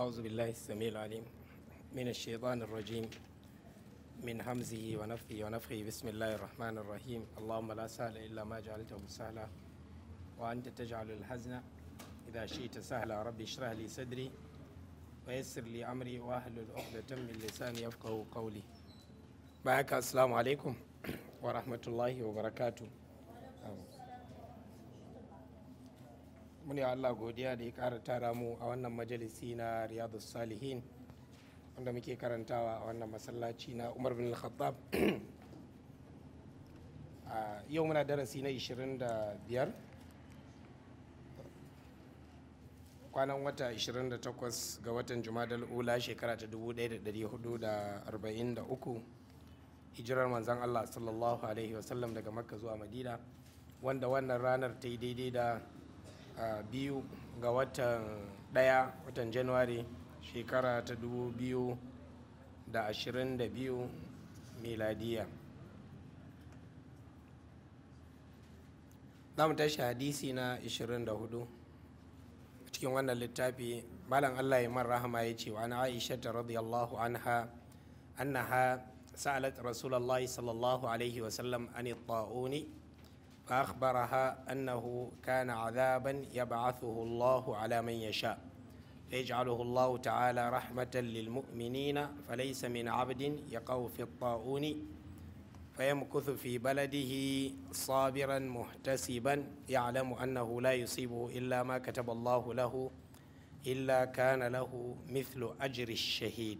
أعوذ بالله السميع العليم من الشيطان الرجيم من همزه ونفثه ونفخه بسم الله الرحمن الرحيم اللهم لا سهل إلا ما جعلته سهلا وأنت تجعل الحزن إذا شئت سهلا ربي اشرح لي صدري ويسر لي أمري وأهل العقدة من لساني يفقه قولي معك السلام عليكم ورحمة الله وبركاته muni Allah godiya da ya kara tara mu a wannan majalisi na riyadu salihin wanda muke karantawa a wannan masallaci na umar bin al-khattab yau muna darasi na 25 kwanan wata 28 ga watan jumadal ula shekara ta 1443 hijirar manzan Allah sallallahu Alaihi wasallam daga makka zuwa madina wanda wannan ranar ta yi daidai da biyu ga watan daya watan januwari shekara ta dubu biyu da ashirin da biyu miladiya za mu tashi hadisi na ashirin da hudu cikin wannan littafi malam allah man rahama ya ce wa na aisha ta radiyallahu anha annaha sa'alat rasulallah sallallahu alaihi wasallam an ta'uni فأخبرها أنه كان عذابا يبعثه الله على من يشاء فيجعله الله تعالى رحمة للمؤمنين فليس من عبد يقع في الطاعون فيمكث في بلده صابرا محتسبا يعلم أنه لا يصيبه إلا ما كتب الله له إلا كان له مثل أجر الشهيد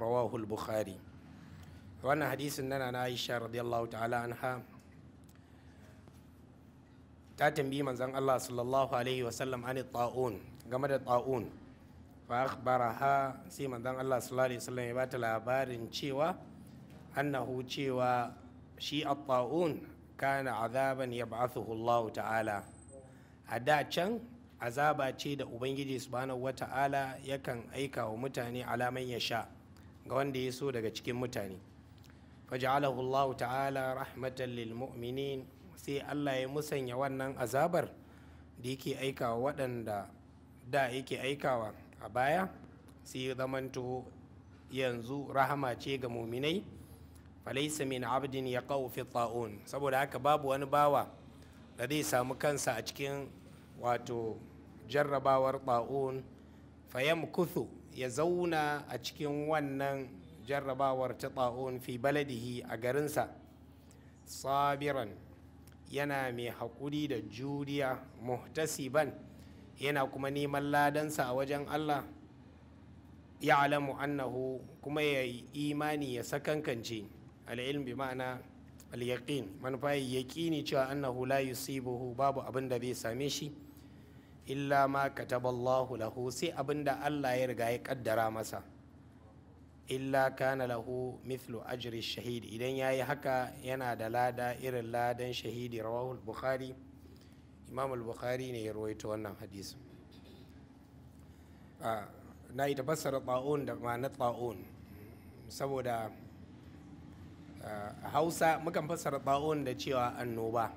رواه البخاري وأنا حديث أننا عائشة رضي الله تعالى عنها ta tambayi manzan Allah sallallahu alaihi wasallam an ta'un game da ta'un fa akhbaraha sai manzan Allah sallallahu alaihi wasallam ya bata labarin cewa annahu cewa shi taun kana azaban ya Allah ta'ala a da can azaba ce da ubangiji subhanahu ta'ala yakan aika wa mutane alaman ya sha ga wanda ya so daga cikin mutane faj'alahu Allah ta'ala rahmatan lil mu'minin sai allah ya musanya wannan azabar da yake aikawa waɗanda da yake aikawa a baya sai ya zamanto yanzu rahama ce ga muminai falaisa min abdin ya fi ta'un saboda haka babu wani bawa da zai samu kansa a cikin wato jarrabawar ta'un fayam kuthu ya zauna a cikin wannan jarrabawar ta ta'un fi baladihi a garinsa sabiran yana mai haƙuri da juriya muhtasiban yana kuma neman ladansa a wajen Allah ya alamu annahu kuma ya yi imani ya sakankance al'ilm bi ma'ana al-yaqin manufa ya yaƙini cewa annahu la yusibuhu babu abin da bai same shi illa ma kataballahu lahu sai abin da Allah ya riga ya kaddara masa illa kana lahu mithlu ajri shahid idan yayi haka yana da lada irin ladan shahidi rawahu bukhari imam al-bukhari ne ya rawaito wannan hadisin ah, na yi tafassara ta'un da ma'anar ta'un saboda ah, hausa mukan fassara ta'un da cewa annoba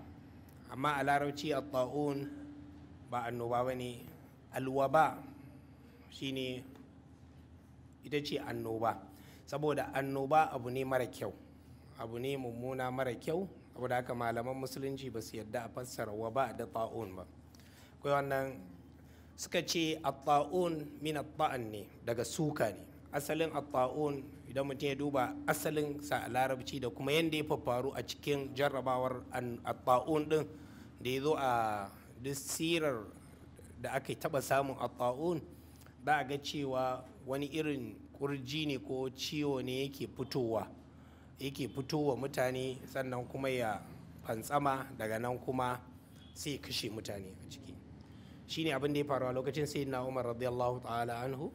amma a larabci a ta'un ba annoba ba ne alwaba shine ita ce annoba saboda annoba abu ne mara kyau abu ne mummuna mara kyau abu da haka malaman musulunci ba su yadda a fassara wa ba da ta'un ba kai wannan suka ce at-ta'un min at-ta'an ne daga suka ne asalin at-ta'un idan mutum ya duba asalin sa a larabci da kuma yanda ya faru a cikin jarrabawar at-ta'un din da ya zo a duk da aka taba samun at-ta'un ba a ga cewa wani irin kurji ne ko ciwo ne yake fitowa yake fitowa mutane sannan kuma ya fantsama daga nan kuma sai kashe mutane a ciki abin da ya faru a lokacin na umar radiyallahu ta'ala anhu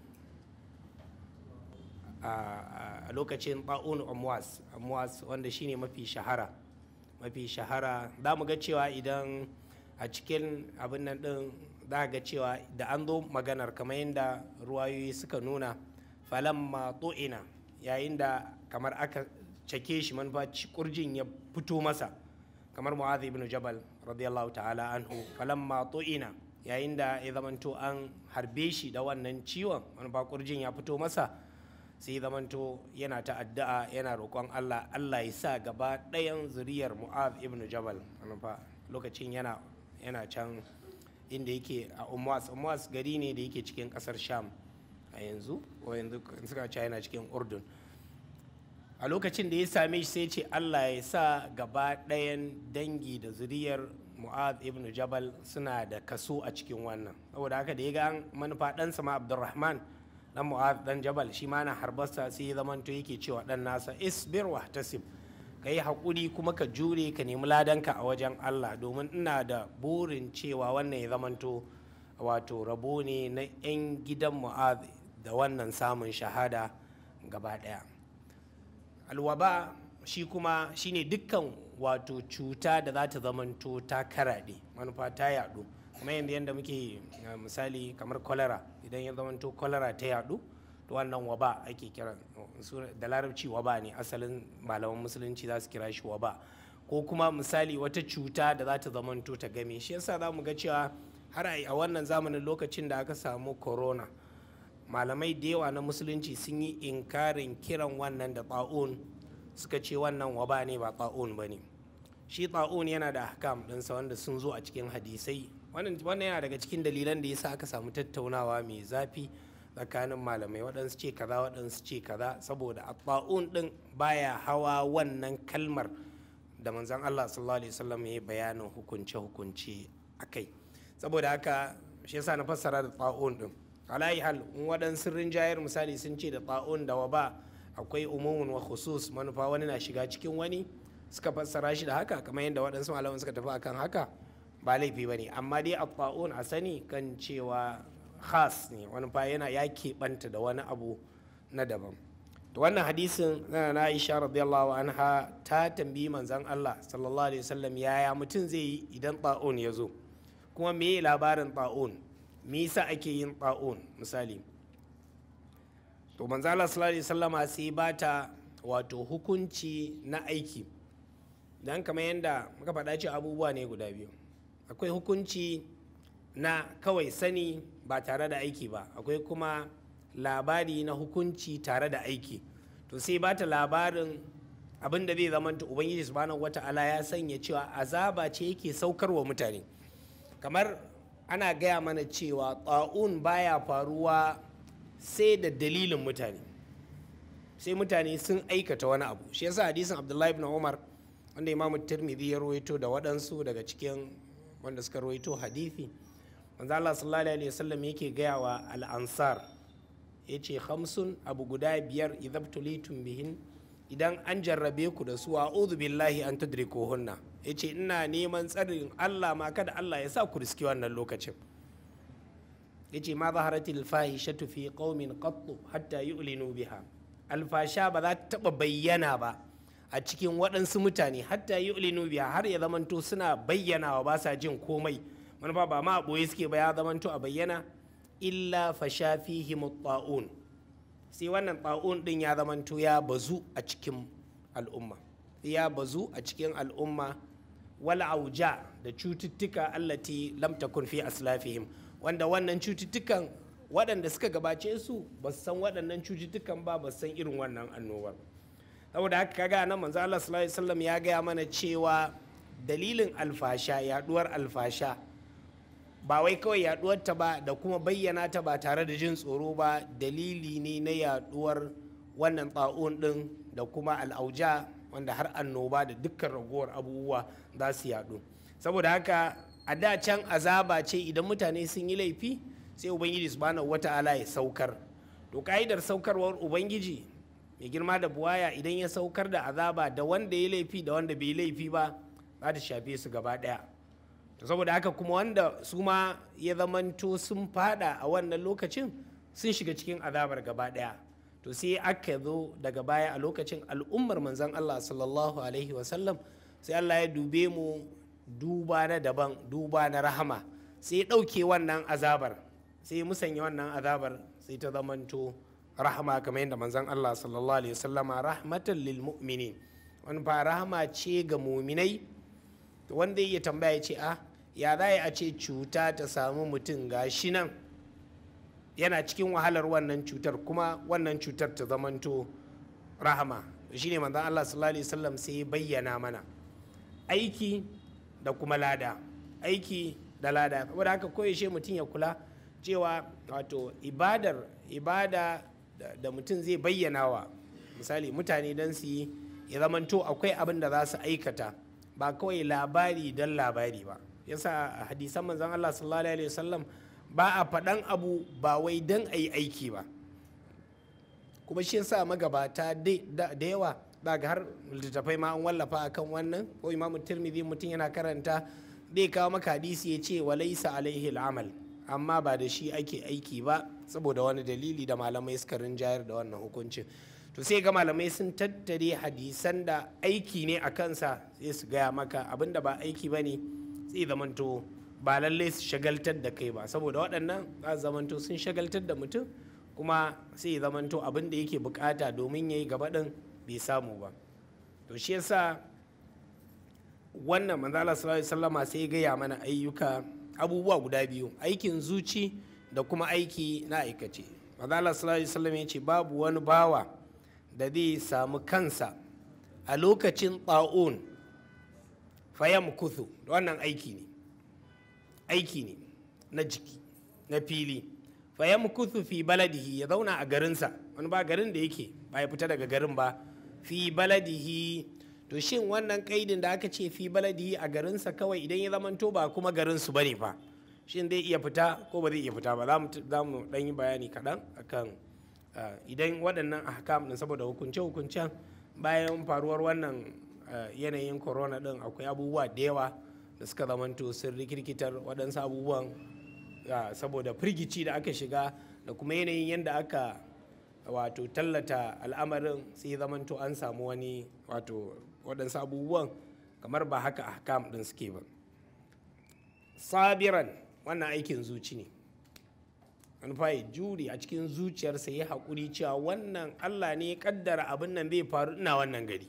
a lokacin ba'un amwas amwas wanda ne mafi shahara mafi shahara za mu ga cewa idan a cikin abin nan din za ga cewa da an zo maganar kamar yadda ruwayoyi suka nuna falan to'ina yayin da kamar aka cake shi manufa kurjin ya fito masa kamar mu'adh ibn jabal radiyallahu ta'ala anhu falan to'ina yayin da ya zamanto an harbe shi da wannan ciwon manufa kurjin ya fito masa sai zamanto yana ta addu'a yana roƙon Allah Allah ya sa gaba ɗayan zuriyar mu'az ibn jabal manufa lokacin yana can inda yake a umwas umwas gari ne da yake cikin kasar sham a yanzu ko yanzu suka ce yana cikin urdun a lokacin da ya same shi sai ce allah ya sa gaba ɗayan dangi da zuriyar mu'ad ibn jabal suna da kaso a cikin wannan saboda haka da ya ga manufa ɗansa ma abdurrahman dan mu'ad dan jabal shi ma na harbasta sai ya zamanto yake cewa ɗan nasa isbir wa ka yi haƙuri kuma ka jure ka nemi ladanka a wajen allah domin ina da burin cewa wannan ya zamanto wato rabo ne na 'yan gidan mu'ad da wannan samun shahada gaba ɗaya alwaba shi kuma shi ne dukkan wato cuta da za ta zamanto ta karaɗe manufa ta yaɗu kuma yanzu yadda muke misali kamar kwalara idan ya zamanto kwalara ta yaɗu wannan waba ake kiran da larabci waba ne asalin malaman musulunci za su kira shi waba ko kuma misali wata cuta da za ta zamanto ta game shi yasa za mu ga cewa har a wannan zamanin lokacin da aka samu corona malamai da yawa na musulunci sun yi inkarin kiran wannan da ta'un suka ce wannan waba ne ba ta'un ba ne shi ta'un yana da hakam ɗinsa wanda sun zo a cikin hadisai wannan yana daga cikin dalilan da ya sa aka samu tattaunawa mai zafi tsakanin malamai waɗansu ce kaza waɗansu ce kaza saboda atta'un ɗin baya hawa wannan kalmar da manzon Allah sallallahu alaihi wasallam ya bayanin hukunce hukunce kai saboda haka shi yasa na fassara da ta'un ɗin alayi hal waɗansu rinjayar misali sun ce da ta'un da wa ba akwai umumun wa khusus manufa wani na shiga cikin wani suka fassara shi da haka kamar yadda waɗansu malamai suka tafi akan haka ba laifi ba ne amma dai a ta'un a sani kan cewa khas ne wani fa yana ya keɓanta da wani abu na daban to wannan hadisin na Aisha radiyallahu anha ta tambayi manzon Allah sallallahu alaihi wasallam yaya mutum zai yi idan ta'un ya zo kuma me labarin ta'un me yasa ake yin ta'un misali to manzon Allah sallallahu alaihi wasallama sai bata wato hukunci na aiki dan kamar yadda muka faɗa ce abubuwa ne guda biyu akwai hukunci na kawai sani ba tare da aiki ba akwai kuma labari na hukunci tare da aiki to sai ba ta labarin abin da zai zamanta ubangiji subhanahu wata'ala ya sanya cewa azaba ce yake saukar wa mutane kamar ana gaya mana cewa ƙa'un baya faruwa sai da dalilin mutane sai mutane sun aikata wani abu shi yasa hadisin abdullahi ibn umar wanda imamu tirmidhi ya rawaito da waɗansu daga cikin wanda suka rawaito hadithi manzo Allah sallallahu alaihi wasallam yake gaya wa al-ansar yace khamsun abu guda biyar idabtulitum bihin idan an jarrabe ku da su a'udhu billahi an tudrikuhunna yace ina neman tsarin Allah ma kada Allah ya sa ku riski wannan lokacin yace ma zaharatil fahishatu fi qaumin qattu hatta yu'linu biha alfasha ba za ta taba bayyana ba a cikin waɗansu mutane hatta yi ulinubiya har ya zamanto suna bayyanawa ba sa jin komai wani ba ba ma a ɓoye suke ba ya zamanto a bayyana illa fasha fihi ta'un sai wannan ta'un din ya zamanto ya bazu a cikin al'umma ya bazu a cikin al'umma wal auja da cututtuka allati lam takun fi aslafihim wanda wannan cututtukan waɗanda suka gabace su ba su san waɗannan cututtukan ba ba san irin wannan annobar saboda haka kaga nan manzo Allah sallallahu alaihi wasallam ya gaya mana cewa dalilin alfasha yaduwar alfasha ba wai kawai yaduwar ta ba da kuma bayyana ta ba tare da jin tsoro ba dalili ne na yaduwar wannan baun din da kuma al'auja wanda har annoba da dukkan ragowar abubuwa za su yadu saboda haka a da can azaba ce idan mutane sun yi laifi sai ubangiji subhanahu wata'ala ya saukar to ka'idar saukarwar ubangiji mai girma da buwaya idan ya saukar da azaba da wanda ya laifi da wanda bai laifi ba za ta shafe su gaba daya To saboda haka kuma wanda su ma ya zamanto sun fada a wannan lokacin sun shiga cikin azabar gaba daya to sai aka zo daga baya a lokacin al'ummar manzan Allah sallallahu alaihi wasallam sai Allah ya dube mu duba na daban duba na rahama sai ya ɗauke wannan azabar sai ya musanya wannan azabar sai ta zamanto rahama kamar yadda manzan Allah sallallahu alaihi wasallama rahmatan lil mu'minin wani fa rahama ce ga muminai wanda ya tambaya ya ce a ah, ya za a ce cuta ta samu mutum gashi nan yana cikin wahalar wannan cutar kuma wannan cutar ta zamanto rahama shi ne manzan Allah sallallahu alaihi wasallam sai ya bayyana mana aiki da kuma lada aiki da lada saboda haka koyaushe mutum ya kula cewa wato ibadar ibada da mutum zai bayyana wa misali mutane don su yi ya zamanto akwai abin da za su aikata ba kawai labari don labari ba yasa a hadisan manzon Allah sallallahu alaihi wasallam ba a faɗan abu ba wai don a yi aiki ba kuma shi yasa magabata da yawa daga har littattafai ma an wallafa akan wannan ko imamu tirmidhi mutum yana karanta zai kawo maka hadisi ya ce walaisa alaihi al'amal amma ba da shi ake aiki ba saboda wani dalili da malamai suka rinjayar da wannan hukuncin to sai ga malamai sun tattare hadisan da aiki ne a kansa sai su gaya maka abinda ba aiki ba ne sai zamanto ba lallai su shagaltar da kai ba saboda waɗannan za su zamanto sun shagaltar da mutum kuma sai zamanto abin da yake bukata domin ya yi gaba ɗin bai samu ba to shi yasa wannan manzala sallallahu sallama sai ya gaya mana ayyuka abubuwa guda biyu aikin zuci da kuma aiki na aikace manzala sallallahu alaihi ya ce babu wani bawa da zai samu kansa a lokacin tsa'un fayam kuthu wannan aiki ne aiki ne na jiki na fili fayam kuthu fi baladihi ya zauna a garinsa wani ba garin da yake ba ya fita daga garin ba fi baladihi to shin wannan kaidin da aka ce fi baladihi a garinsa kawai idan ya zamanto ba kuma garinsu ba ne fa shin zai iya fita ko ba zai iya fita ba za mu dan yi bayani kaɗan akan Eh, idan waɗannan ahkam din saboda hukunce-hukuncen bayan faruwar wannan eh, yanayin corona din akwai abubuwa da yawa da suka zamanto sun rikirkitar waɗansu abubuwan eh, saboda firgici da aka shiga da kuma yanayin yadda aka wato tallata al'amarin sai zamanto an samu wani wato waɗansu abubuwan kamar ba haka ahkam din suke ba sabiran wannan aikin zuci ne manufa ya jure a cikin zuciyarsa ya haƙuri cewa wannan allah ne ya kaddara abin nan zai faru ina wannan gari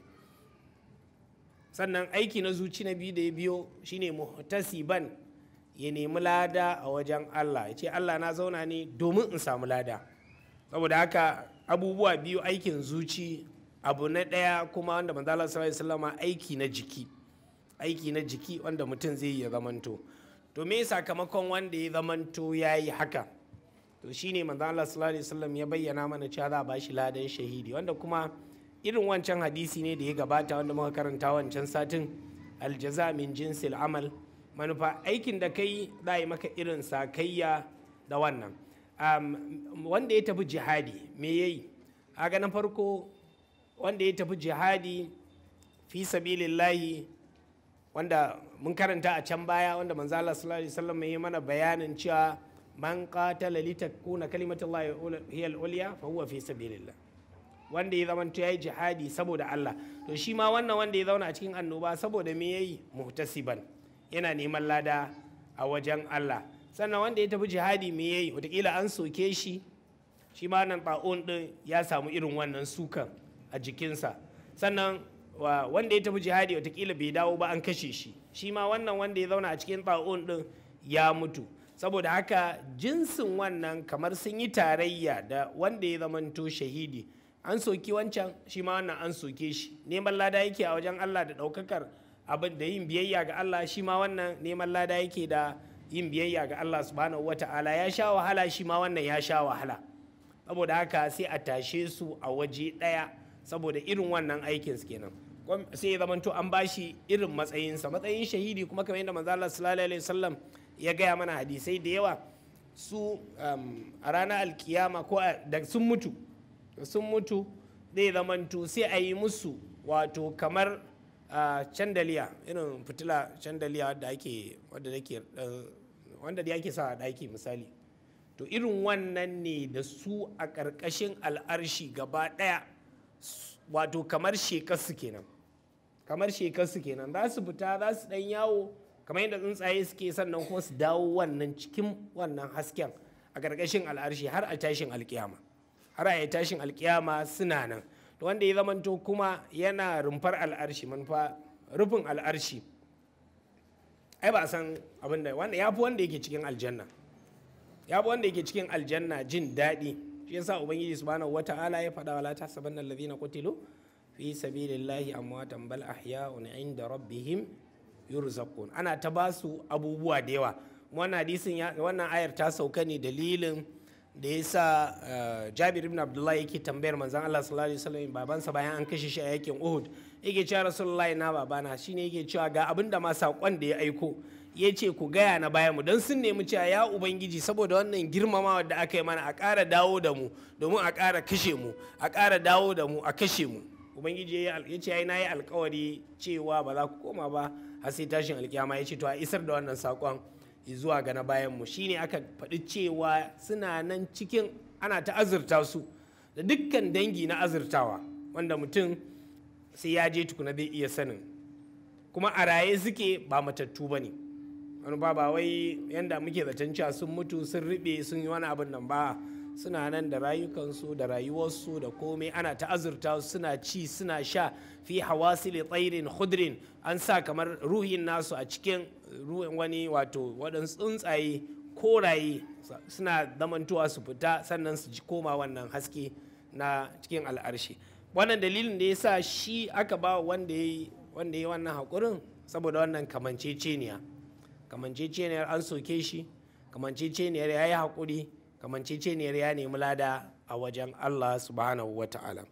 sannan aiki na zuci na biyu da ya biyo shine muhtasiban ya nemi lada a wajen allah ya ce allah na zauna ne domin in samu lada saboda haka abubuwa biyu aikin zuci abu na ɗaya kuma wanda manzala sallallahu alaihi aiki na jiki aiki na jiki wanda mutum zai yi ya zamanto to me sakamakon wanda ya zamanto ya yi haka to shine ne Allah alaihi wasallam ya bayyana mana cewa za a shi ladan shahidi wanda kuma irin wancan hadisi ne da ya gabata wanda muka karanta wancan satin aljaza min jinsil amal manufa aikin da kai za a yi maka irin sakayya da wannan wanda ya tafi jihadi me ya yi aga na farko wanda ya tafi jihadi fi sabilillahi wanda mun karanta a can baya wanda manzala sallallahu alaihi wasallam ya yi mana bayanin cewa man qatala litakuna kalimatullahi hiya al-ulya fa huwa fi sabilillah wanda ya zamanto yayi jihadi saboda Allah to shi ma wannan wanda ya zauna a cikin annoba saboda me yayi muhtasiban yana neman lada a wajen Allah sannan wanda ya tafi jihadi me yayi wataƙila an soke shi shi ma nan ta'un din ya samu irin wannan sukan a jikinsa sannan wanda ya tafi jihadi wataƙila bai dawo ba an kashe shi shi ma wannan wanda ya zauna a cikin ta'un din ya mutu saboda haka jinsin wannan kamar sun yi tarayya da wanda ya zamanto shahidi an soki wancan shi ma wannan an soke shi neman lada yake a wajen Allah da ɗaukakar abin da yin biyayya ga Allah shi ma wannan neman lada yake da yin biyayya ga Allah subhanahu wata'ala ya sha wahala shi ma wannan ya sha wahala saboda haka sai a tashe su a waje ɗaya saboda irin wannan aikin kenan sai ya zamanto an bashi irin matsayinsa matsayin shahidi kuma kamar yadda manzo Allah sallallahu alaihi wasallam ya gaya mana hadisai da yawa su um, a ranar alkiyama ko da sun mutu sun mutu zai zamanto sai a yi musu wato kamar candaliya irin fitila candaliya da ake uh, wanda da ake sa a ɗaki misali to irin wannan ne da su a ƙarƙashin al'arshi gaba ɗaya wato kamar shekarsu kenan kamar shekarsu kenan za su fita za su ɗan yawo kamar yadda tsuntsaye suke sannan kuma su dawo wannan cikin wannan hasken a ƙarƙashin al'arshi har a tashin alƙiyama har a tashin alƙiyama suna nan to wanda ya zamanto kuma yana rumfar al'arshi manufa rufin al'arshi ai ba san abin da wanda ya fi wanda yake cikin aljanna ya fi wanda yake cikin aljanna jin daɗi shi yasa ubangiji subhanahu wata'ala ya faɗa wala tasabanna allazina qutilu fi sabilillahi amwatan bal ahya'un 'inda rabbihim yurzaqun ana ta ba su abubuwa da yawa wannan hadisin wannan ayar ta sauka ne dalilin da ya sa eh, Jabir ibn Abdullah yake tambayar manzon Allah sallallahu alaihi wasallam babansa bayan an kashe shi a yakin Uhud yake cewa Rasulullahi na babana shine yake cewa ga abin da ma sakon da ya aiko ya ce ku gaya na baya mu don sun nemi cewa ya ubangiji saboda wannan girmamawa da aka yi mana a ƙara dawo da mu domin a ƙara kashe mu a ƙara dawo da mu a kashe mu ubangiji ya ce ya yi yi alkawari cewa ba za ku koma ba har sai tashin alkiyama ya ce to a isar da wannan sakon zuwa ga na bayan mu shine aka faɗi cewa suna nan cikin ana ta azurta su da dukkan dangi na azurtawa wanda mutum sai ya je tukuna zai iya sanin kuma a raye suke ba matattu ba ne wani ba ba wai yanda muke zaton cewa sun mutu sun riɓe sun yi wani abin nan ba suna nan da rayukansu da rayuwarsu da komai ana ta azurta suna ci suna sha fi hawasili tsairin khudrin an sa kamar ruhin nasu a cikin ruhin wani wato waɗansu tsuntsaye koraye suna zamantowa su fita sannan su koma wannan haske na cikin al'arshi wannan dalilin da ya sa shi aka ba wanda ya yi wannan haƙurin saboda wannan kamanceceniya kamanceceniyar an soke shi kamanceceniyar ya yi haƙuri kamanceceniyar ya nemi lada a wajen allah subhanahu wa ta'ala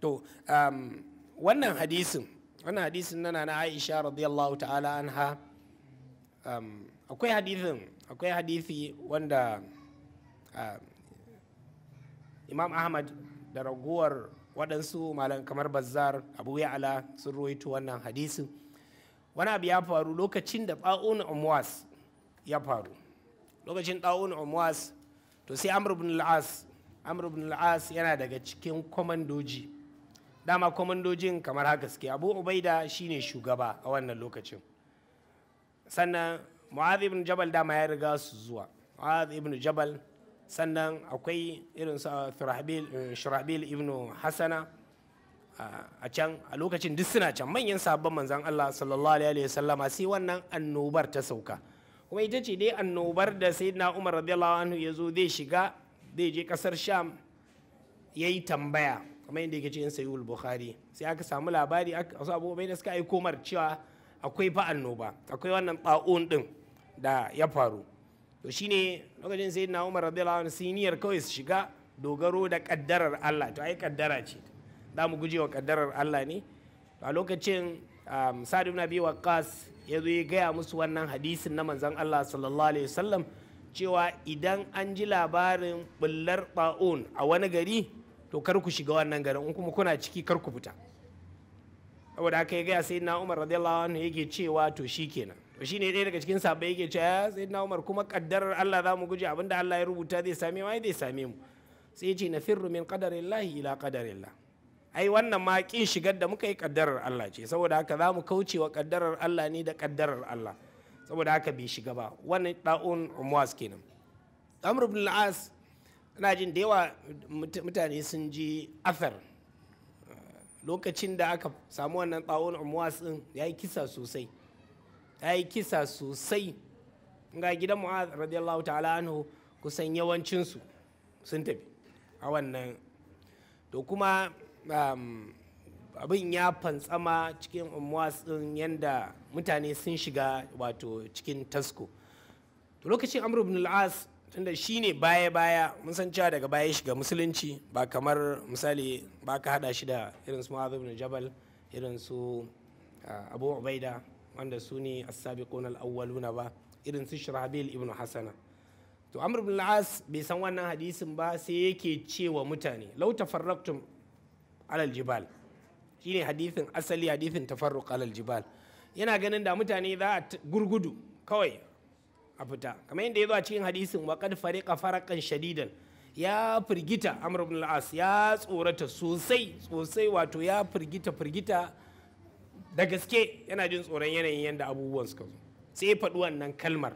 to um, wannan hadisin wannan hadisin nana na aisha radiyallahu ta'ala anha um, akwai hadisin akwai hadisi wanda um, imam ahmad da raguwar waɗansu malam kamar bazzar abu ya'ala sun ruwaito wannan hadisin wani abu ya faru lokacin da ɗa'un umwas ya faru lokacin ɗa'un umwas to sai amr ibn al amr ibn yana daga cikin kwamandoji dama kwamandojin kamar haka suke abu ubaida shine shugaba a wannan lokacin sannan mu'adh ibn jabal dama ya riga su zuwa mu'adh ibn jabal sannan akwai irin su uh, uh, shurabil ibn hasana uh, a can a lokacin duk suna can manyan sabon manzan Allah sallallahu alaihi wasallama sai wannan annobar ta sauka kuma ita ce dai annobar da sayyidina Umar radiyallahu anhu ya zo zai shiga zai je kasar Sham yayi tambaya kamar yadda yake cikin sayi bukhari sai aka samu labari wasu abubuwa da suka aiko mar cewa akwai fa annoba akwai wannan ba'un din da ya faru to shine lokacin sai na umar radiyallahu anhu siniyar kawai su shiga dogaro da kaddarar Allah to ai kaddara ce za mu gujewa kaddarar Allah ne a lokacin um, sa'ad na abi ya zo ya gaya musu wannan hadisin na manzon Allah sallallahu alaihi wasallam cewa idan an ji labarin bullar ba'un a wani gari to kar ku shiga wannan garin in kuma kuna ciki kar ku fita saboda haka ya gaya sayyidina Umar radiyallahu anhu yake cewa to shikenan to shine ɗaya daga cikin sahabbai yake cewa sayyidina Umar kuma kaddarar Allah za mu guje abinda Allah ya rubuta zai same mu zai same mu sai ce na firru min qadarillahi ila qadarillah ai wannan ma kin shigar da muka yi kaddarar Allah ce saboda haka za mu kauce wa kaddarar Allah ne da kaddarar Allah saboda haka bai shiga ba wannan da'un umwas kenan Amr ibn al-As Ana jin da yawa mutane sun ji afar lokacin da aka samu wannan tsawon umuwas din ya yi kisa sosai ya yi kisa sosai ga gidan mu'az radiyallahu ta'ala anhu kusan yawancinsu sun tafi a wannan to kuma um, abin ya fantsama cikin umuwas din yadda mutane sun shiga wato cikin tasko lokacin amr ibn al-as tunda shi ne baya-baya mun san cewa daga baya shiga musulunci ba kamar misali ba ka hada shi da irin su ma'azib na jabal irin su abu ubaida wanda su ne as-sabiqun awwaluna ba irin su shirabil ibn hasana to amr ibn al bai san wannan hadisin ba sai yake cewa mutane law tafarraqtum alal jibal shine hadisin asali hadisin tafarruq alal jibal yana ganin da mutane za a gurgudu kawai a fita kamar yadda ya zo a cikin hadisin wa kad fariqa kan shadidan ya firgita amr ibn ya tsorata sosai sosai wato ya firgita firgita da gaske yana jin tsoron yanayin yadda abubuwan suka zo sai faɗi wannan kalmar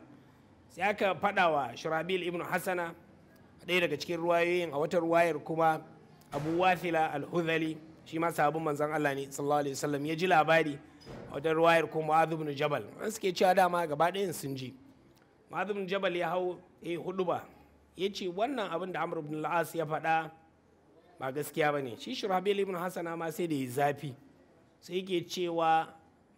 sai aka faɗa wa shirabil ibn hasana ɗaya daga cikin ruwayoyin a wata ruwayar kuma abu wafila al shi ma sahabin manzon Allah ne sallallahu alaihi wasallam ya ji labari a wata ruwayar kuma mu'adh jabal an suke cewa dama gaba ɗayan sun ji ma'azin jabal ya hau ya eh, hudu ba ya ce wannan abin da amur ibn la'as ya faɗa ba gaskiya ba ne shi shirabel ibn hasana ma sai da ya zafi sai ke cewa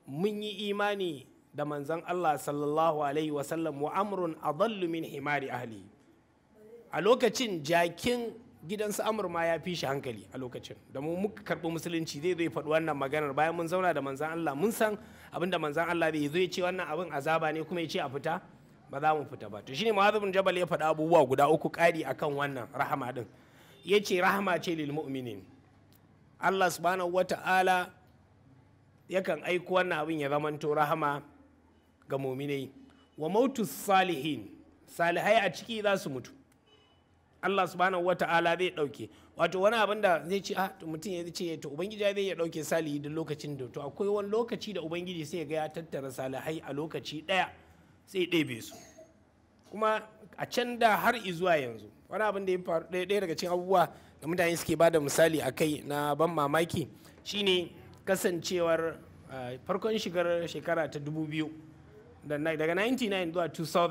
mun yi imani da manzan allah sallallahu alaihi wasallam wa amrun adallu min himari ahli a lokacin jakin gidansu amur ma ya fi shi hankali a lokacin da mu muka karɓi musulunci zai zai faɗi wannan maganar bayan mun zauna da manzan allah mun san abin da manzan allah zai zo ya ce wannan abin azaba ne kuma ya ce a fita ba za mu fita ba to shine mu'adh ibn jabal ya faɗa abubuwa guda uku ƙari akan wannan rahama din yace rahama ce lil mu'minin Allah subhanahu wata'ala yakan aiko wannan abin ya zamanto rahama ga mu'minai wa mautu salihin salihai a ciki za su mutu Allah subhanahu wata'ala zai dauke wato wani abin da zai ce ah to mutum ya ce to ubangiji zai ya dauke salihi duk lokacin da to akwai wani lokaci da ubangiji sai ya ga ya tattara salihai a lokaci daya sai ɗebe su kuma a can da har zuwa yanzu wani abin da ya faru ɗaya daga cikin abubuwa da mutane suke ba da misali a kai na ban mamaki shine kasancewar farkon shigar shekara ta 2000 daga 99 zuwa 2000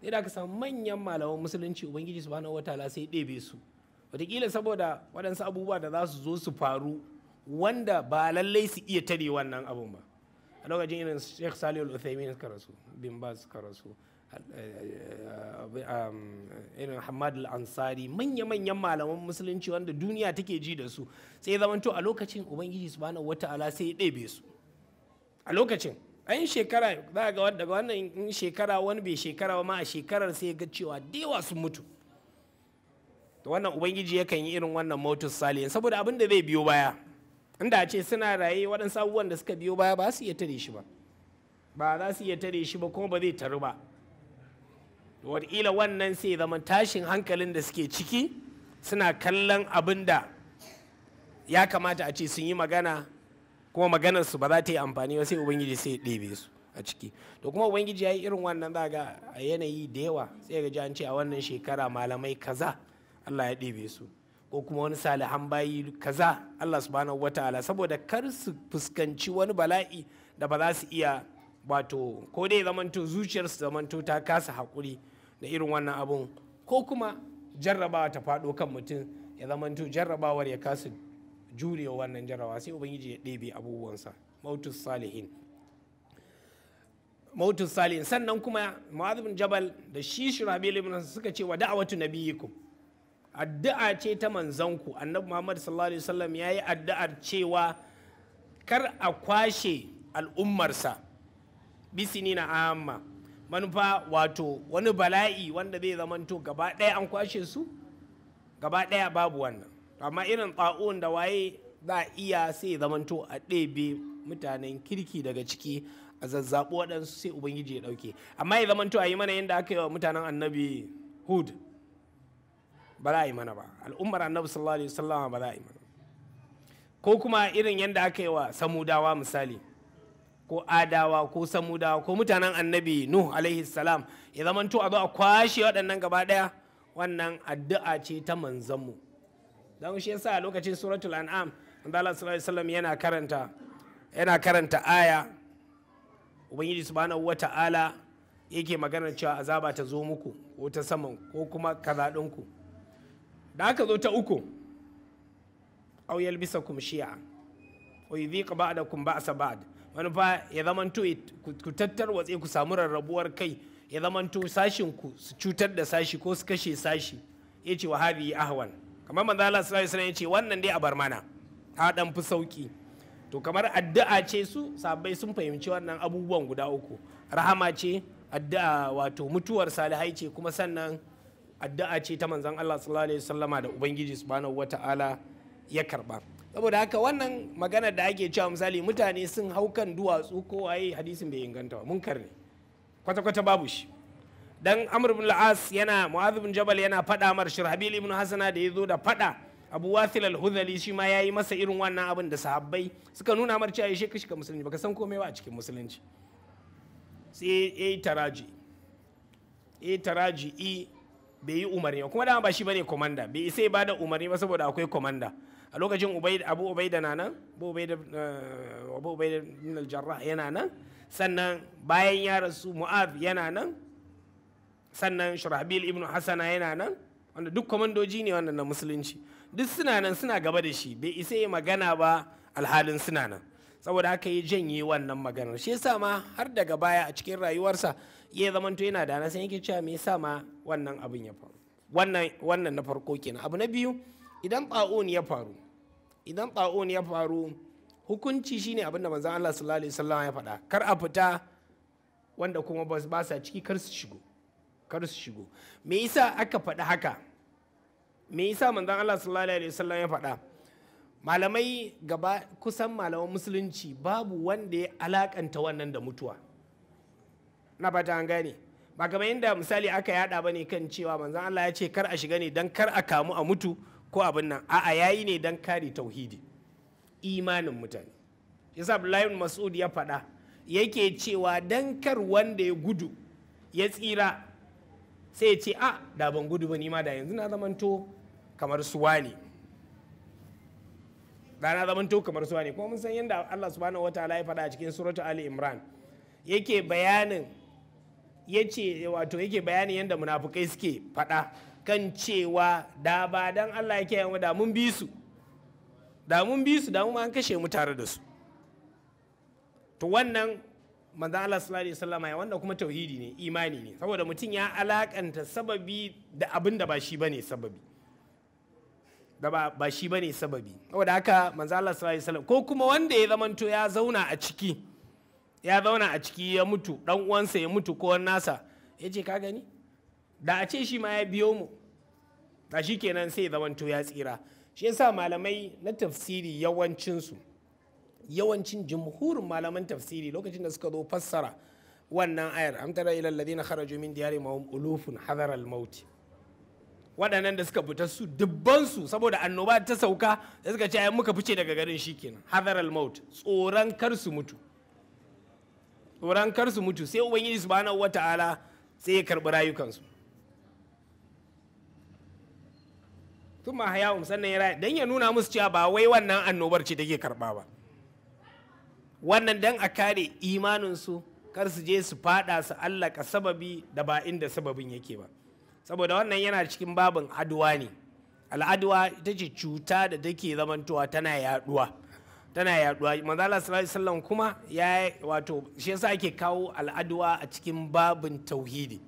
sai da aka samu manyan malaman musulunci ubangiji su wata la sai ɗebe su wataƙila saboda waɗansu abubuwa da za su zo su faru wanda ba lallai su iya tare wannan abun ba a lokacin irin sheikh salihu al-uthaymin suka rasu bin ba suka rasu eh, eh, irin hamad al-ansari manya-manyan malaman musulunci wanda duniya take ji da su sai zamanto a lokacin ubangiji subhanahu wata'ala sai ya ɗebe su a lokacin an shekara za ga daga wannan in shekara wani bai shekara ma a shekarar sai ga cewa dewa sun mutu to wannan ubangiji yakan yi irin wannan motus saliyan saboda abin da zai biyo baya inda ce suna raye waɗansu abubuwan da suka biyo baya ba su iya tare shi ba ba za su iya tare shi ba kuma ba zai taru ba wadila wannan sai zama tashin hankalin da suke ciki suna kallon abin da ya kamata a ce sun yi magana kuma maganarsu ba za ta yi amfani ba sai ubangiji sai ɗebe su a ciki to kuma ubangiji ya yi irin wannan za ga a yanayi da yawa sai ga ji an ce a wannan shekara malamai kaza allah ya ɗebe su ko kuma wani salihan bayi kaza Allah subhanahu wataala saboda kar su fuskanci wani bala'i da ba za su iya wato ko dai zamanto zuciyarsu zamanto ta kasa hakuri da irin wannan abun ko kuma jarrabawa ta faɗo kan mutum ya zamanto jarrabawar ya kasa jurewa wannan jarrabawa sai ubangiji ya ɗebe abubuwansa mautus salihin mautus salihin sannan kuma mu'adh jabal da shi shirabe suka ce wa da'awatu nabiyikum addu'a ce ta manzanku annabi muhammad sallallahu alaihi wasallam ya yi addu'ar cewa kar a kwashe al'ummarsa bisini na amma manufa wato wani bala'i wanda zai zamanto gaba ɗaya an kwashe su gaba ɗaya babu wannan amma irin tsa'un da waye za a iya sai zamanto a ɗebe mutanen kirki daga ciki a zazzaɓi waɗansu sai ubangiji ya ɗauke amma ya zamanto a yi mana yadda aka yi wa mutanen annabi hud ba za a yi mana ba al'ummar annabi sallallahu alaihi wasallam ba za a yi mana ko kuma irin yadda aka yi wa samudawa misali ko adawa ko samudawa ko mutanen annabi nuh alaihi salam ya zamanto a zo a kwashe waɗannan gaba ɗaya wannan addu'a ce ta manzanmu don shi yasa a lokacin suratul an'am Allah sallallahu alaihi wasallam yana karanta yana karanta aya ubangiji subhanahu wata'ala yake magana cewa azaba ta zo muku ko ta saman ko kuma kaza ɗinku da aka zo ta uku au bisa kum shi'a wa yudhiqa ba'dakum ba'sa ba'd manufa ya to ku tattar watsi ku samu rarrabuwar kai ya zamanto sashin ku su cutar da sashi ko su kashe sashi yace wa hadhihi ahwan kamar manzo Allah sallallahu alaihi wasallam yace wannan dai a bar mana ta dan fi sauki to kamar addu'a ce su sabai sun fahimci wannan abubuwan guda uku rahama ce addu'a wato mutuwar salihai ce kuma sannan addu'a ce ta manzon Allah sallallahu alaihi wasallama da ubangiji subhanahu wata'ala ya karba saboda haka wannan magana da ake cewa misali mutane sun hau kan duwatsu ko waye hadisin bai inganta ba munkar ne kwata kwata babu shi dan amr ibn al-as yana mu'adh ibn jabal yana fada mar shirhabil ibn hasana da yazo da fada abu wasil al-hudhali shi ma yayi masa irin wannan abin da sahabbai suka nuna mar cewa shi kishi ka musulunci baka san komai ba a cikin musulunci sai yayi taraji yayi taraji bai yi umarni ba kuma dama ba shi bane komanda bai isa ba da umarni ba saboda akwai komanda a lokacin abu obaida na nan abu eh, yana nan sannan bayan ya rasu mu'ad yana nan sannan shirabil ibn hasana yana nan wanda duk komandoji ne wannan na musulunci duk suna nan suna gaba da shi bai isa yi magana ba alhalin suna nan saboda haka ya janye wannan maganar shi yasa ma har daga baya a cikin rayuwarsa ya zamanto yana da na san yake cewa me yasa ma wannan abin ya faru wannan wannan na farko kenan abu na biyu idan ta'un ya faru idan ta'un ya faru hukunci shine abin da manzon Allah sallallahu alaihi wasallam ya faɗa kar a fita wanda kuma ba sa ciki kar su shigo kar su shigo me yasa aka faɗi haka me yasa manzon Allah sallallahu alaihi wasallam ya faɗa malamai gaba kusan malaman musulunci babu wanda ya alakanta wannan da mutuwa na fata an gane ba kamar inda misali aka yada ne kan cewa manzon Allah ya ce kar a shiga ne don kar a kamu a mutu ko abin nan a'a yayi ne don kare tauhidi imanin mutane yasa Abdullahi Mas'ud ya fada yake cewa dan kar wanda ya gudu ya tsira sai ya ce a da ban gudu ba ni ma da yanzu na zamanto kamar suwa ne da na zamanto kamar suwa ne kuma mun san yadda Allah subhanahu wataala ya fada a cikin suratu Ali Imran yake bayanin Ya ce wato yake bayani yadda munafukai suke faɗa kan cewa da ba dan Allah yake yawa da mun bi su da mun bi su da mun an kashe mu tare da su to wannan manzo Allah sallallahu alaihi ya wanda kuma tauhidi ne imani ne saboda mutum ya alakanta sababi da abin da ba shi bane sababi da ba, ba shi bane sababi saboda haka manzo Allah sallallahu alaihi wasallam ko kuma wanda ya zamanto ya zauna a ciki ya zauna a ciki ya mutu dan uwansa ya mutu ko nasa ya ce ka gani da a ce shi ma ya biyo mu ta shi kenan sai zamanto ya tsira shi yasa malamai na tafsiri yawancinsu yawancin jumhur malaman tafsiri lokacin da suka zo fassara wannan ayar tara ila alladhina kharaju min diyarihim hum ulufun hadar al maut waɗannan da suka fita su dubban su saboda annoba ta sauka da suka ce ai muka fice daga garin shikenan hadar al maut tsoron kar su mutu tsoron kar su mutu sai ubangiji subhanahu wata'ala sai ya karbi rayukansu tun ma haya sannan ya raya don ya nuna musu cewa ba wai wannan annobar ce take karba ba wannan don a kare imaninsu kar su je su fada su allaka sababi da ba inda sababin yake ba saboda wannan yana cikin babin aduwa ne al'aduwa ita ce cuta da take zamantowa tana yaduwa tana yaduwa manzala sallallahu kuma ya wato shi yasa ake kawo al'adwa a cikin babin tauhidi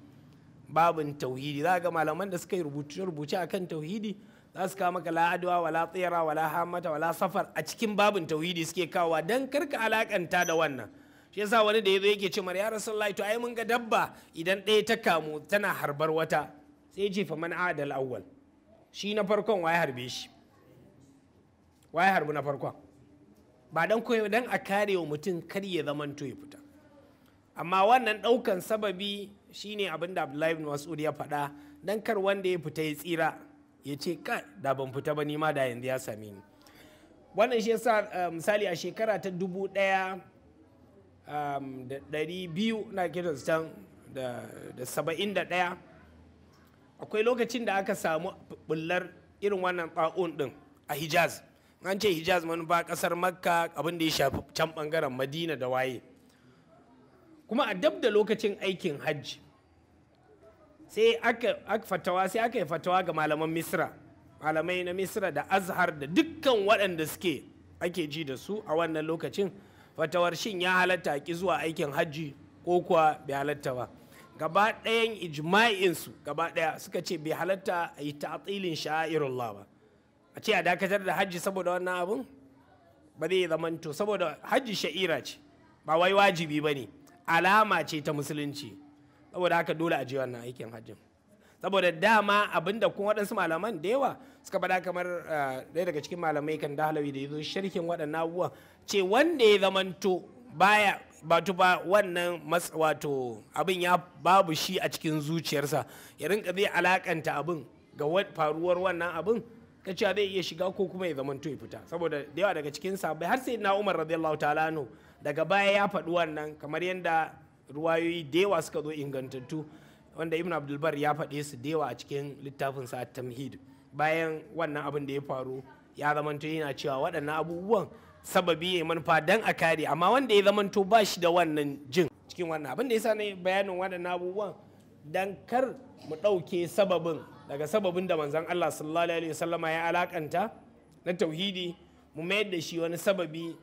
babin tauhidi za ga malaman da suka yi rubuce-rubuce akan tauhidi za su kawo maka la'adwa wala tsira wala hamata wala safar a cikin babin tauhidi suke kawowa kar karka alakanta da wannan shi yasa wani da ya zo yake ce ya rasulullahi to ai mun ga dabba idan ɗaya ta kamu tana harbar wata sai ce fa man adal awwal shi na farkon waye harbe shi waye harbi na farkon ba don koyi dan a kare wa mutum kar ya to ya fita amma wannan ɗaukan sababi shine abin da Abdullahi ibn Mas'ud ya faɗa dan kar wanda ya fita ya tsira ya ce ka da ban fita ba nima da yanzu ya same ni wannan shi yasa eh, misali a shekara ta dubu ɗaya da ɗari biyu na can da saba'in da ɗaya akwai lokacin da aka samu bullar irin wannan ɓa'un ɗin a hijaz an ce hijaz manufa kasar makka abin da ya shafi can bangaren madina da waye kuma a dab da lokacin aikin hajji sai aka fatawa sai aka yi fatawa ga malaman misra malamai na misra da azhar da dukkan waɗanda suke ake ji da su a wannan lokacin fatawar shin ya halatta ki zuwa aikin hajji ko kuwa bai halatta ba gaba ɗayan ijma'insu gaba ɗaya suka ce bai halatta a yi ta'atilin sha'irullah ba a ce a dakatar da hajji saboda wannan abun ba zai to saboda hajji sha'ira ce ba wai wajibi ba ne alama ce ta musulunci saboda haka dole a je wannan aikin hajjin saboda dama abinda kun waɗansu malaman da yawa suka faɗa kamar eh, ɗaya daga cikin malamai kan dahalawi da ya zo sharhin waɗannan abubuwan ce wanda ya zamanto baya batu ba wannan wato abin ya babu shi a cikin zuciyarsa ya rinka zai alakanta abin ga faruwar wannan abin ka cewa zai iya shiga ko kuma ya zamanto ya fita saboda da yawa daga cikin sahabbai har sai na Umar radiyallahu ta'ala no daga baya ya faɗi wannan kamar yadda ruwayoyi da yawa suka zo ingantattu wanda Ibn Abdulbar ya faɗe su da yawa a cikin littafin sa Tamhid bayan wannan abin da ya faru ya zamanto yana cewa waɗannan abubuwan sababi ya manufa dan a kare amma wanda ya zamanto ba shi da wannan jin cikin wannan abin da yasa ne bayanin waɗannan abubuwan dan kar mu ɗauke sababin daga sababin da manzon Allah sallallahu alaihi wasallama ya alakanta na tauhidi mu mayar da shi wani sababi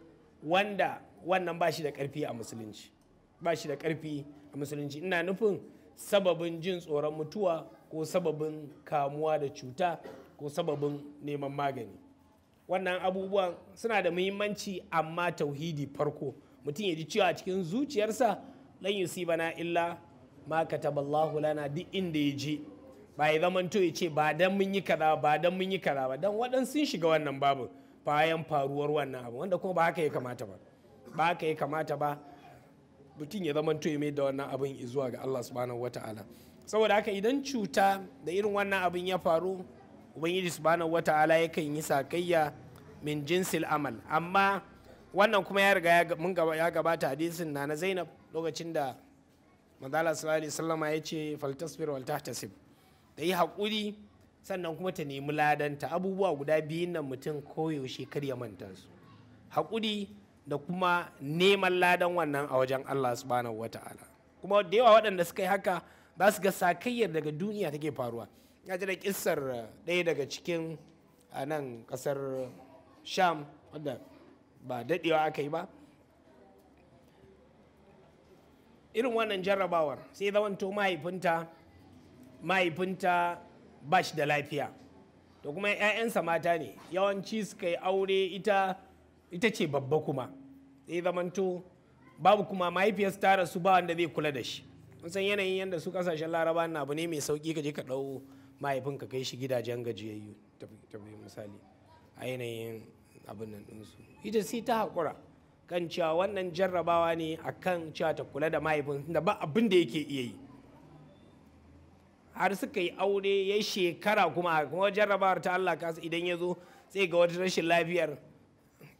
wanda wannan ba shi da karfi a musulunci ba shi da karfi a musulunci ina nufin sababin jin tsoron mutuwa ko sababin kamuwa da cuta ko sababin neman magani wannan abubuwan suna da muhimmanci amma tauhidi farko mutum ya ji cewa cikin zuciyarsa lan yusibana illa ma kataballahu lana duk inda ya je ba ya zaman to ya ce ba dan mun yi kaza ba dan mun yi kaza ba dan waɗansu sun shiga wannan babu bayan faruwar wannan abu wanda kuma ba haka ya kamata ba ba haka ya kamata ba mutum ya zaman to ya mai da wannan abin zuwa ga Allah subhanahu wataala saboda haka idan cuta da irin wannan abin ya faru ubangiji subhanahu wataala yakan yi sakayya min jinsil amal amma wannan kuma ya riga ya gabata hadisin na na Zainab lokacin da manzala sallallahu alaihi wasallama ya ce faltasbir wal tahtasib ta yi haƙuri sannan kuma ta nemi ladanta abubuwa guda biyun nan mutum koyaushe kar ya manta su haƙuri da kuma neman ladan wannan a wajen Allah subhanahu wata'ala kuma da yawa waɗanda suka yi haka za su ga sakayyar daga duniya take faruwa ya ji da kissar ɗaya daga cikin a nan ƙasar sham wadda ba daɗewa aka yi ba irin wannan jarrabawar sai zamanto mahaifinta mahaifinta ba shi da lafiya to kuma 'ya'yansa mata ne yawanci suka yi aure ita ita ce babba kuma zai zamanto babu kuma mahaifiyarsa ta rasu ba wanda zai kula da shi san yanayin yadda su kasashen laraba na abu ne mai sauki ka je ka ɗau mahaifinka kai shi gidajen gajiyayyu tafi misali a yanayin abin nan ɗinsu ita sai ta haƙura kan cewa wannan jarrabawa ne akan kan cewa ta kula da mahaifin da ba abin da yake iya yi har suka yi aure ya shekara kuma kuma jarrabawar ta Allah kasu idan ya zo sai ga wata rashin lafiyar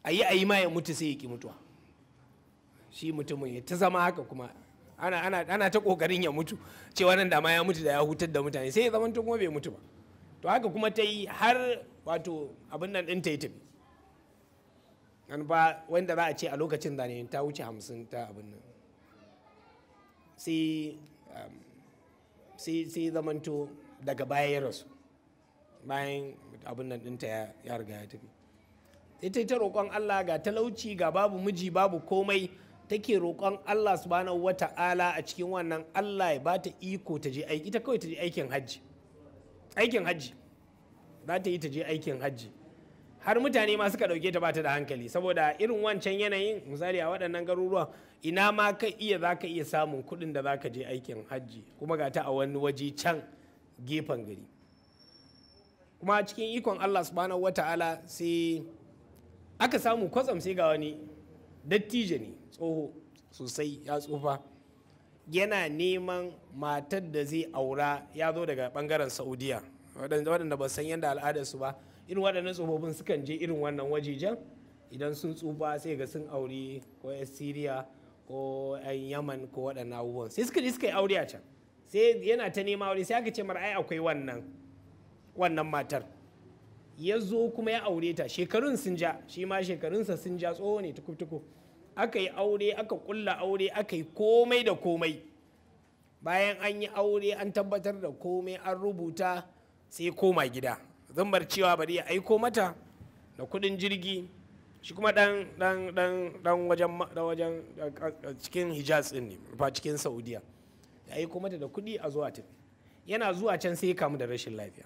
a yi a yi ma ya mutu sai ya ki mutuwa shi mutumin ya ta zama haka kuma ana ta kokarin ya mutu cewa nan da ma ya mutu da ya hutar da mutane sai ya zama tun kuma bai mutu ba to haka kuma ta yi har wato abin nan ɗin ta yi tafi an ba wanda za a ce a lokacin ne ta wuce hamsin ta abin nan sai um, sai zamanto daga baya ya rasu bayan abin nan ɗinta ya riga ya tafi ita ta roƙon Allah ga talauci ga babu miji babu komai take roƙon Allah subhanahu wata'ala a cikin wannan Allah ya bata iko ta je ita kawai ta je aikin hajji aikin hajji za ta yi ta je aikin hajji har mutane ma suka ɗauke ta bata da hankali saboda irin wancan yanayin misali a waɗannan garuruwan ina ma ka iya za ka iya samun kuɗin da za ka je aikin hajji kuma ga ta a wani waje can gefen gari kuma cikin ikon allah subhanahu ta'ala sai aka samu kwatsam sai ga wani dattijo ne tsoho sosai ya tsufa yana neman matar da zai aura ya zo daga bangaren saudiya waɗanda ba san yadda al'adarsu ba irin waɗannan tsofaffin sukan je irin wannan wajejen idan sun tsufa sai ga sun aure ko yan siriya ko yan yaman ko waɗannan abubuwan sai suka yi aure a can sai yana ta nema aure sai aka ce mara ai akwai wannan wannan matar ya zo kuma ya aure ta shekarun sun ja shi ma shekarunsa sun ja tsoho ne tukutuku aka yi aure aka kulla aure aka yi komai da komai bayan an yi aure an tabbatar da komai an rubuta sai koma gida zambar cewa bari ya aiko mata da kudin jirgi shi kuma dan dan dan dan wajen dan wajen cikin hijaz din ne ba cikin saudiya ya aiko mata da kudi a zuwa tafi yana zuwa can sai ya kamu da rashin lafiya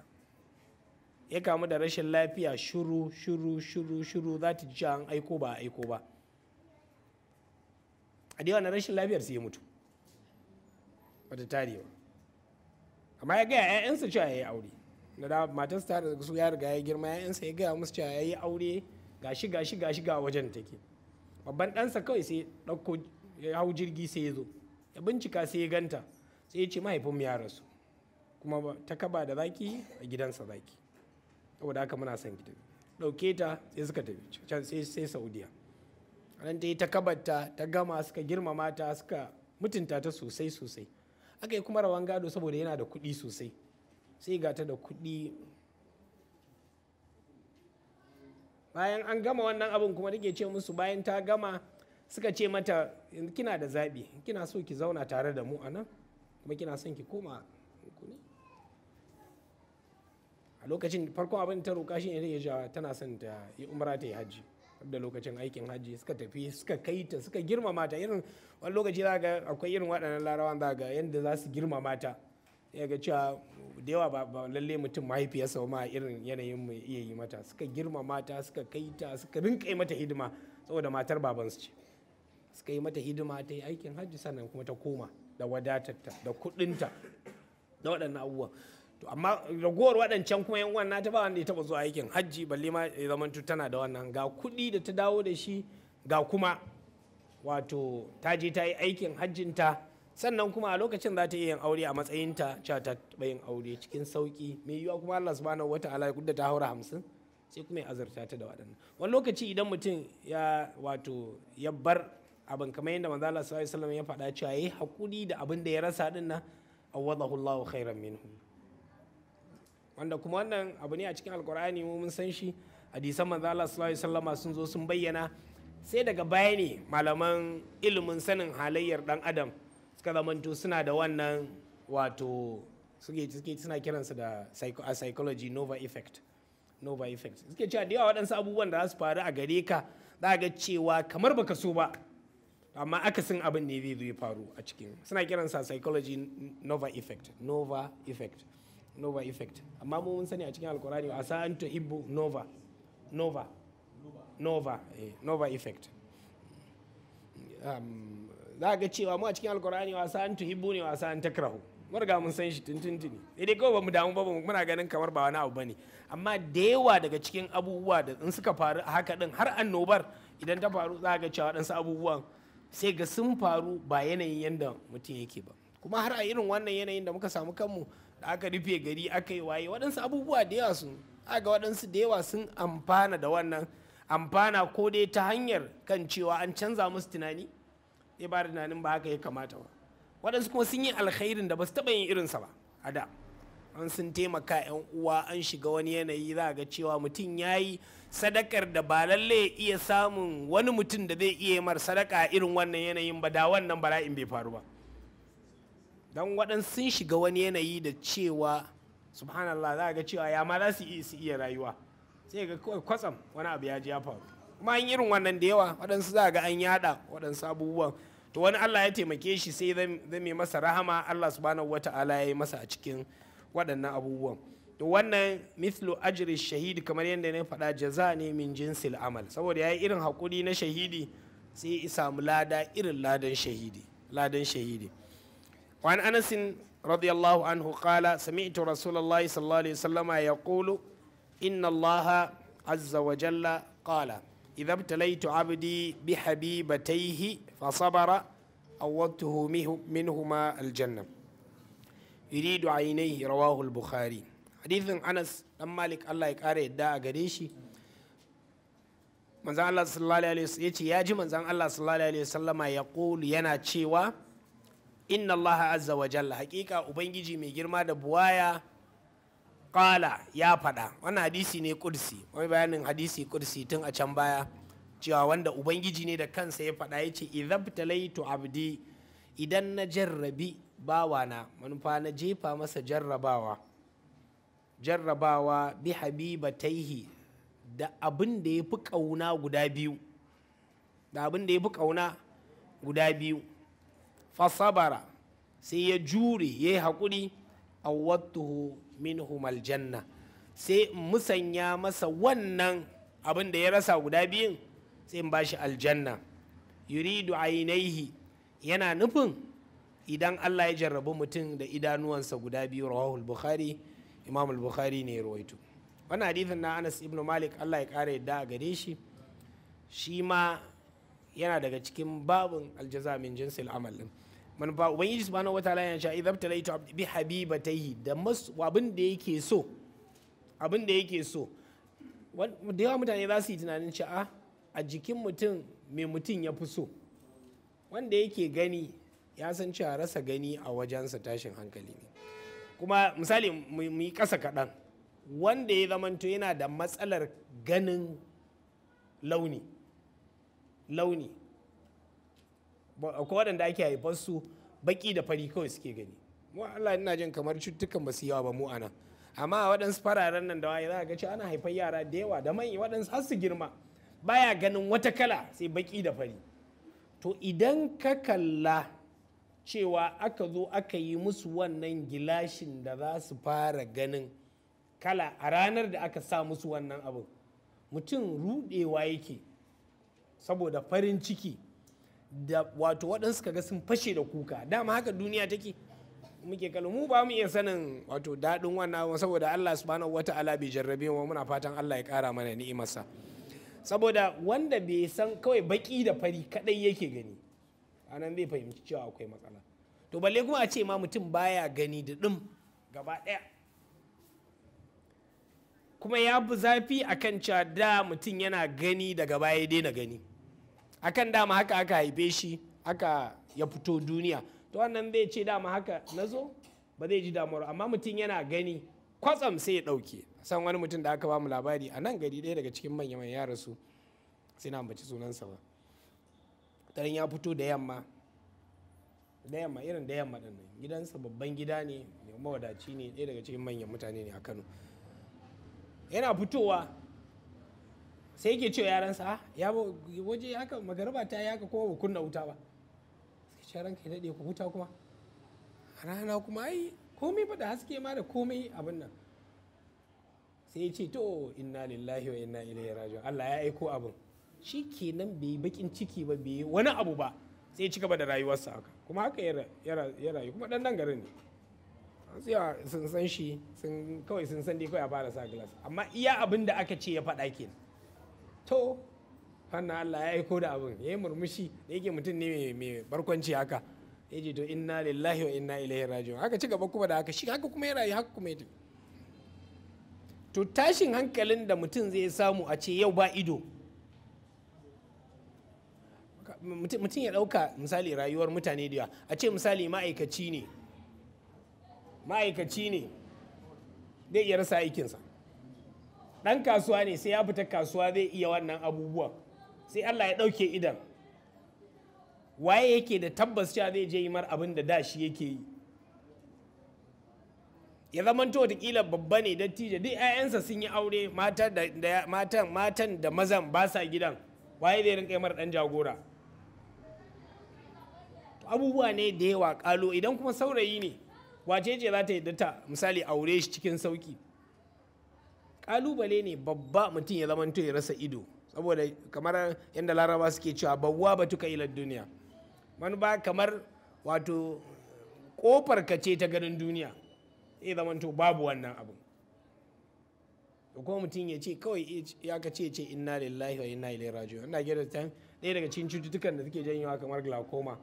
ya kamu da rashin lafiya shuru shuru shuru shuru za ta ji an aiko ba aiko ba a da na rashin lafiyar sai ya mutu wata tarewa amma ya gaya 'ya'yansa cewa ya yi aure da matan ta da su ya riga ya girma sa ya gaya musu cewa ya yi aure gashi gashi gashi ga wajen take babban ɗansa kawai sai ɗauko ya hau jirgi sai ya zo ya bincika sai ya ganta sai ya ce mahaifin ya rasu kuma ta kaba da zaki a gidansa zaki saboda haka muna son gidan ɗauke ta sai suka tafi can sai saudiya ran ta yi ta kabarta ta gama suka girmama ta suka mutunta ta sosai sosai aka yi kuma rawan gado saboda yana da kuɗi sosai sai ga ta da kuɗi bayan an gama wannan abin kuma take ce musu bayan ta gama suka ce mata kina da zaɓi kina so ki zauna tare da mu a nan kuma kina son ki koma ne a lokacin farkon abin ta roƙa shi ne ya tana son ta yi umra ta yi hajji da lokacin aikin hajji suka tafi suka kai ta suka girmama ta irin wani lokaci za ga akwai irin waɗannan larawan za ga yadda za su girmama ta ya ga cewa da yawa ba lalle mutum mahaifiyarsa ma irin yanayin mu iya yi mata suka girma mata suka kai ta suka rinka yi mata hidima saboda matar babansu ce suka yi mata hidima ta yi aikin hajji sannan kuma ta koma da wadatarta da kuɗinta da waɗannan abubuwan to amma ragowar waɗancan kuma yan uwan ta ba wanda ya taɓa zuwa aikin hajji balle ma ya zama tana da wannan ga kuɗi da ta dawo da shi ga kuma wato ta je ta yi aikin hajjinta sannan kuma a lokacin za ta iya yin aure a matsayinta cewa ta taɓa yin aure cikin sauƙi mai yiwuwa kuma Allah subhanahu wata'ala ya da ta haura hamsin sai kuma ya azurta ta da waɗannan wani lokaci idan mutum ya wato ya bar abin kamar yadda manzo Allah sallallahu alaihi ya faɗa cewa yayi hakuri da abin da ya rasa din nan awadahu Allahu khairan minhu wanda kuma wannan abu ne a cikin alkur'ani mu mun san shi hadisan manzo Allah sallallahu alaihi sun zo sun bayyana sai daga baya ne malaman ilimin sanin halayyar dan adam suka zamanto suna da wannan wato suke suna kiransa da a psychology nova effect nova effect suke cewa da yawa waɗansu abubuwan da za su faru a gare ka za ga cewa kamar baka so ba amma akasin abin ne zai zo ya faru a cikin suna kiransa psychology nova effect nova effect nova effect amma mu mun sani a cikin alkurani a sa'an to nova nova nova eh, nova effect um, za ga cewa mu a cikin alkur'ani wasa an tuhibbu ne wasa an takrahu mun riga mun san shi tuntuntuni sai dai kawai mu damu ba muna ganin kamar ba wani abu ba ne amma da yawa daga cikin abubuwa da in suka faru a haka din har annobar idan ta faru za ga cewa ɗansu abubuwan sai ga sun faru ba yanayin yadda mutum yake ba kuma har a irin wannan yanayin da muka samu kanmu da aka rufe gari aka yi waye waɗansu abubuwa da yawa sun aga waɗansu da yawa sun amfana da wannan amfana ko dai ta hanyar kan cewa an canza musu tunani zai ba da tunanin ba haka ya kamata ba waɗansu kuma sun yi alkhairin da ba su taɓa yin irinsa ba a da an sun taimaka yan uwa an shiga wani yanayi za ga cewa mutum ya yi sadakar da ba lalle iya samun wani mutum da zai iya mar sadaka irin wannan yanayin ba da wannan bala'in bai faru ba don waɗansu sun shiga wani yanayi da cewa subhanallah za ga cewa ya ma za su iya rayuwa sai ga kwatsam wani abu ya ji ya faru kuma an irin wannan da yawa waɗansu za ga an yada waɗansu abubuwan to wani Allah ya taimake shi sai zai masa rahama Allah subhanahu wata'ala ya yi masa a cikin waɗannan abubuwan to wannan mithlu ajri shahidi kamar yadda na faɗa jaza ne min jinsil amal saboda ya yi irin haƙuri na shahidi sai ya samu lada irin ladan shahidi ladan shahidi وعن أنس رضي الله عنه قال سمعت رسول الله صلى ya عليه inna يقول إن الله إذا ابتليت عبدي بحبيبتيه فصبر عوضته منهما الجنة يريد عينيه رواه البخاري حديث أنس لما مالك الله يكاري الداء قريشي manzan Allah sallallahu alaihi wasallam yace ya ji manzan Allah sallallahu alaihi wasallama ya qulu yana cewa inna Allah azza wa jalla hakika ubangiji mai girma da buwaya kala ya faɗa wannan hadisi ne kursi wani bayanin hadisi kursi tun a can baya cewa wanda ubangiji ne da kansa ya faɗa ya ce idabtalaitu abdi idan na jarrabi bawana manufa na jefa masa jarrabawa jarrabawa bi habibataihi da abin da ya fi ƙauna guda biyu da abin da ya fi ƙauna guda biyu fasabara sai ya jure ya yi haƙuri a minhumal janna sai in musanya masa wannan abin da ya rasa guda biyun sai in bashi aljanna yuridu ainihi yana nufin idan Allah ya jarrabu mutum da idanuwansa guda biyu rawahul bukhari imam bukhari ne ya rawaito wannan hadithin na Anas ibn Malik Allah ya kara yadda a gare shi shi ma yana daga cikin babin aljaza min jinsil amal din manufa ubangiji subhanahu wataala yana cewa idza talaitu bi habibatayhi da mas abin da yake so abin da yake so da yawa mutane za su yi tunanin cewa ah, a jikin mutum mai mutum ya fi so wanda yake gani ya san cewa rasa gani a wajensa tashin hankali ne kuma misali mu yi ƙasa kaɗan wanda ya zamanto yana da matsalar ganin launi launi akwai waɗanda ake haifar su baki da fari kawai suke gani mu Allah ina jin kamar cututtukan ba su yawa ba mu anan amma waɗansu fararen nan da waye za ga cewa ana haifar yara da yawa da mai waɗansu har su girma baya ganin wata kala sai baki da fari to idan ka kalla cewa aka zo aka yi musu wannan gilashin da za su fara ganin kala a ranar da aka sa musu wannan abu mutum rudewa yake saboda farin ciki da wato waɗansu kaga sun fashe da kuka dama haka duniya take muke kalu mu ba mu iya sanin wato daɗin wannan saboda Allah subhanahu Taala bai jarrabe wa muna fatan Allah ya ƙara mana ni'imarsa saboda wanda bai san kawai baki da fari kadai yake gani anan bai fahimci cewa akwai matsala to balle kuma a ce ma mutum baya gani da ɗum gaba ɗaya kuma ya fi zafi akan cewa da mutum yana gani daga baya ya daina gani akan dama haka aka haife shi aka ya fito duniya to wannan zai ce dama haka na zo ba zai ji damuwar amma mutum yana gani kwatsam sai ya ɗauke san wani mutum da aka ba mu labari a nan gari ɗaya daga cikin manyan yara rasu sai na ambaci sunansa ba tarin ya fito da yamma da yamma irin da yamma nan gidansa babban gida ne mawadaci ne ɗaya daga cikin manyan mutane ne a kano yana fitowa sai yake cewa yaransa ah, ya waje haka magarba ta yi haka kuma ba kunna wuta ba sai ce ranka ya daɗe ku huta kuma rana kuma ai komai fa da haske ma da komai abin nan sai ya ce to inna lillahi wa inna ilaihi raji'un Allah ya aiko abin shi kenan bai bakin ciki ba bai wani abu ba sai ya ci gaba da rayuwarsa haka kuma haka ya rayu kuma dan nan garin ne sun san shi kawai sun san dai kawai a fara sa glass amma iya abin da aka ce ya faɗa kenan to wannan Allah ya aiko da abin ya yi murmushi da yake mutum ne mai barkwanci haka ya ce to inna lillahi wa inna ilaihi raji'un haka ci gaba kuma da haka shi haka kuma ya rayu haka kuma ya tafi to tashin hankalin da mutum zai samu a ce yau ba ido mutum ya ɗauka misali rayuwar mutane da a ce misali ma'aikaci ne ma'aikaci ne zai iya rasa aikinsa ɗan kasuwa ne sai ya fita kasuwa zai iya wannan abubuwan sai Allah ya ɗauke idan waye yake da tabbas cewa zai je yi mar abin da da shi yake yi ya zamanto watakila babba ne dattijo duk 'ya'yansa sun yi aure matan da mazan ba sa gidan waye zai rinka mar dan jagora abubuwa ne da yawa kalo idan kuma saurayi ne wace ce za ta yi ta misali aure shi cikin sauki kalubale ne babba mutum ya zama ya rasa ido saboda kamar yadda laraba suke cewa babuwa ba tuka ilar duniya wani ba kamar wato kofar ka ce ta ganin duniya ya zama babu wannan abu da kuma mutum ya ce kawai ya ka ce ce inna lillahi wa inna ilaihi raji'un ina gida ta ɗaya daga cikin cututtukan da suke janyewa kamar glaucoma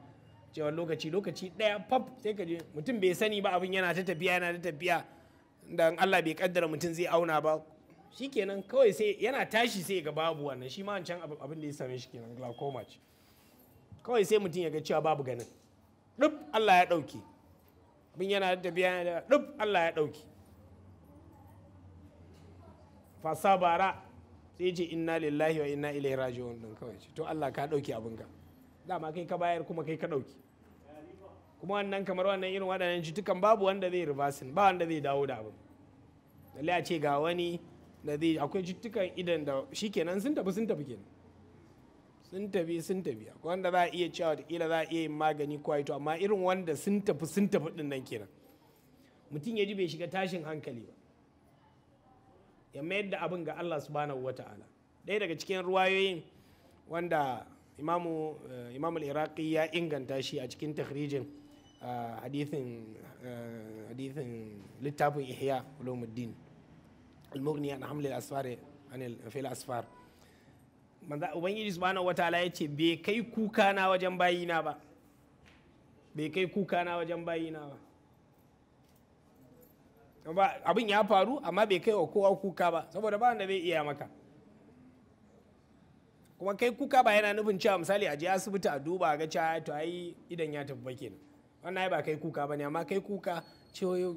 cewa lokaci lokaci ɗaya pap sai ka je mutum bai sani ba abin yana ta tafiya yana ta tafiya da Allah bai kaddara mutum zai auna ba shikenan kawai sai yana tashi sai ga babu wannan shi ma can abin da ya same shi kenan glaucoma ce kawai sai mutum ya ga cewa babu ganin dub Allah ya dauke abin yana da tafiya da dub Allah ya dauke fasabara bara sai ce inna lillahi wa inna ilaihi raji'un din kawai ce to Allah ka dauke abin ka dama kai ka bayar kuma kai ka dauke kuma wannan kamar wannan irin waɗannan cutukan babu wanda zai reversing ba wanda zai dawo da abin lalle a ce ga wani da zai akwai cututtukan idan da shi kenan sun tafi sun tafi kenan sun tafi sun tafi akwai wanda za a iya cewa kila za a iya yin magani kwaito amma irin wanda sun tafi sun tafi din nan kenan mutum ya ji bai shiga tashin hankali ba ya mayar da abin ga Allah subhanahu wa ta'ala ɗaya daga cikin ruwayoyin wanda imamu eh, imamul iraqi ya inganta shi a cikin takhrijin eh, eh, hadithin littafin ihya ulumuddin المغني عن حمل الاسفار عن في الأسفار manzo ubangiji subhanahu wataala ya ce bai kai kuka na wajen bayina ba bai kai kuka na wajen bayina ba abin ya faru amma bai kai wa kowa kuka ba saboda ba wanda bai iya maka kuma kai kuka ba yana nufin cewa misali a je asibiti a duba ga cewa to ai idan ya tafi kenan wannan ai ba kai kuka bane amma kai kuka cewa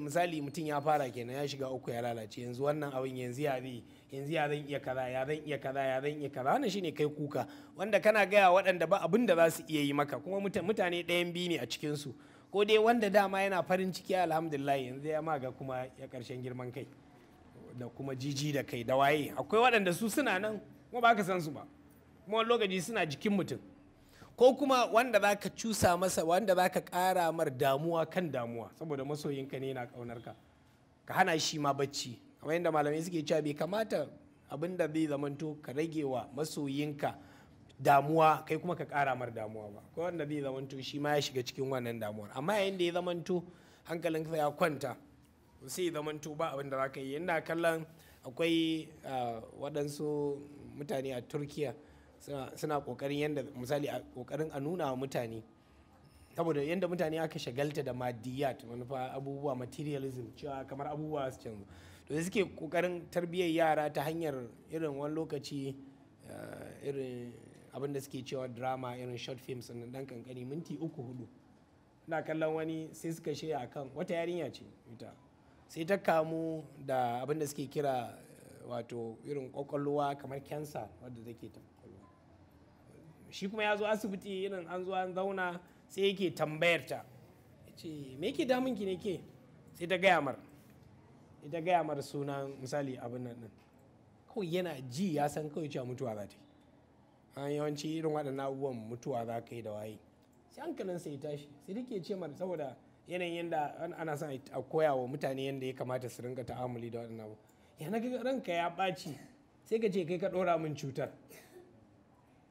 misali mutum ya fara kenan ya shiga uku ya lalace yanzu wannan abin yanzu ya zai yanzu ya zan iya kaza ya zan iya kaza ya zan iya kaza wannan shine kai kuka wanda kana gaya waɗanda ba abin da za su iya yi maka kuma mutane ɗayan biyu ne a cikin su ko dai wanda dama yana farin ciki alhamdulillah yanzu ya maga kuma ya karshen girman kai da kuma jiji da kai da waye akwai waɗanda su suna nan kuma ba ka san su ba kuma lokaci suna jikin mutum ko kuma wanda za ka cusa masa wanda za ka ƙara mar damuwa kan damuwa saboda masoyinka ne na ƙaunarka ka hana shi ma bacci kamar yadda malamai suke cewa bai kamata abin da zai zamanto ka rage wa masoyinka damuwa kai kuma ka ƙara mar damuwa ba ko wanda zai zamanto shi ma ya shiga cikin wannan damuwar amma yayin da ya zamanto hankalinka ya kwanta sai ya zamanto ba abin da za ka yi ina kallon akwai ah, waɗansu mutane a turkiya suna kokarin yadda misali a kokarin a nuna wa mutane saboda yadda mutane aka shagalta da madiyat manufa abubuwa materialism cewa kamar abubuwa su canzu to da suke kokarin tarbiyyar yara ta hanyar irin wani lokaci eh, irin abin da suke cewa drama irin short films na dan kankani minti uku hudu na kallon wani sai suka shirya akan wata yarinya ce ita sai ta kamu da abin da suke kira eh, wato irin kwakwalwa kamar cancer wadda take ta shi kuma ya zo asibiti irin an zo an zauna sai yake tambayar ta ce me yake damun ki ne ke sai ta gaya mar ita gaya mar sunan misali abin nan din kawai yana ji ya san kawai cewa mutuwa za ta yi an yawanci irin waɗannan abubuwan mutuwa za ka yi da waye sai hankalin sai tashi sai take ce mar saboda yanayin yadda ana son a koya wa mutane yadda ya kamata su rinka ta'amuli da waɗannan abu ya na ranka ya ɓaci sai ka ce kai ka ɗora min cutar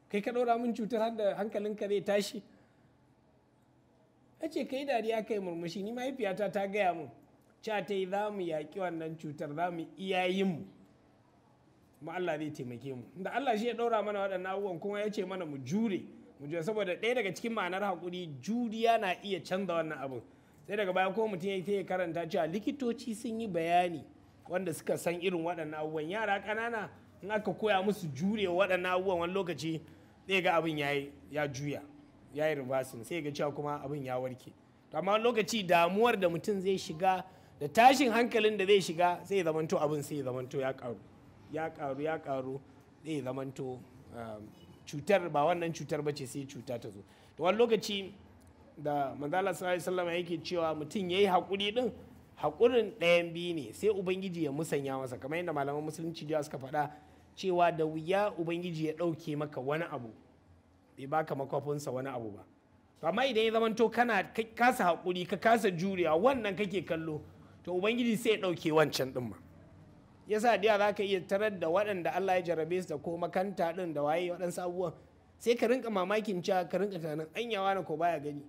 kai ka ɗora min cutar har da hankalinka zai tashi A ce kai dariya kai murmushi ni mahaifiyata ta gaya mun cewa ta yi za mu yaƙi wannan cutar za mu iya yin mu kuma Allah zai taimake mu da Allah shi ya ɗora mana waɗannan abubuwan kuma ya ce mana mu jure mu jure saboda ɗaya daga cikin ma'anar hakuri, juriya na iya canza wannan abin sai daga baya ko mutum ya karanta cewa likitoci sun yi bayani wanda suka san irin waɗannan abubuwan yara ƙanana in aka koya musu jure waɗannan abubuwan wani lokaci zai ga abin ya juya ya yi reversing sai ga cewa kuma abin ya warke to amma lokaci damuwar da mutum zai shiga da tashin hankalin da zai shiga sai zamanto abin sai zamanto ya karu ya karu ya karu zai zamanto um, cutar ba wannan cutar ba ce sai cuta ta zo to wani lokaci da manzala sallallahu alaihi yake cewa mutum yayi hakuri din hakurin ɗayan biyu ne sai ubangiji ya musanya masa kamar yadda malaman musulunci da suka faɗa cewa da wuya ubangiji ya ɗauke maka wani abu bai baka makwafinsa wani abu ba to amma idan ya zamanto kana kasa haƙuri ka kasa juriya wannan kake kallo to ubangiji sai ya ɗauke wancan ɗin ma yasa da za ka iya tarar da waɗanda Allah ya jarabe su da ko makanta ɗin da waye waɗansu abubuwan sai ka rinka mamakin cewa ka rinka tunanin anyawa na ko baya gani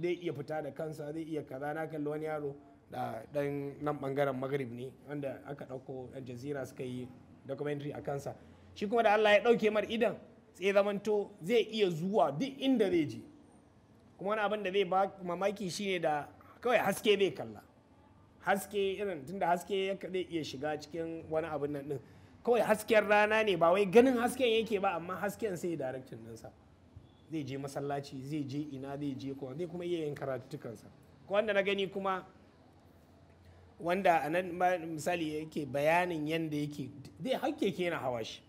zai iya fita da kansa zai iya kaza na kalli wani yaro da ɗan nan ɓangaren magrib ne wanda aka ɗauko yan suka yi documentary a kansa shi kuma da Allah ya ɗauke mar idan sai zamanto zai iya zuwa duk inda zai je kuma wani abin da zai ba mamaki shine da kawai haske zai kalla haske irin tunda haske zai iya shiga cikin wani abin nan din kawai hasken rana ne ba wai ganin hasken yake ba amma hasken sai direction ɗinsa zai je masallaci zai je ina zai je kuma zai kuma iya yin karatuttukansa wanda na gani kuma wanda a nan misali yake bayanin yadda yake zai hakke ke na hawa shi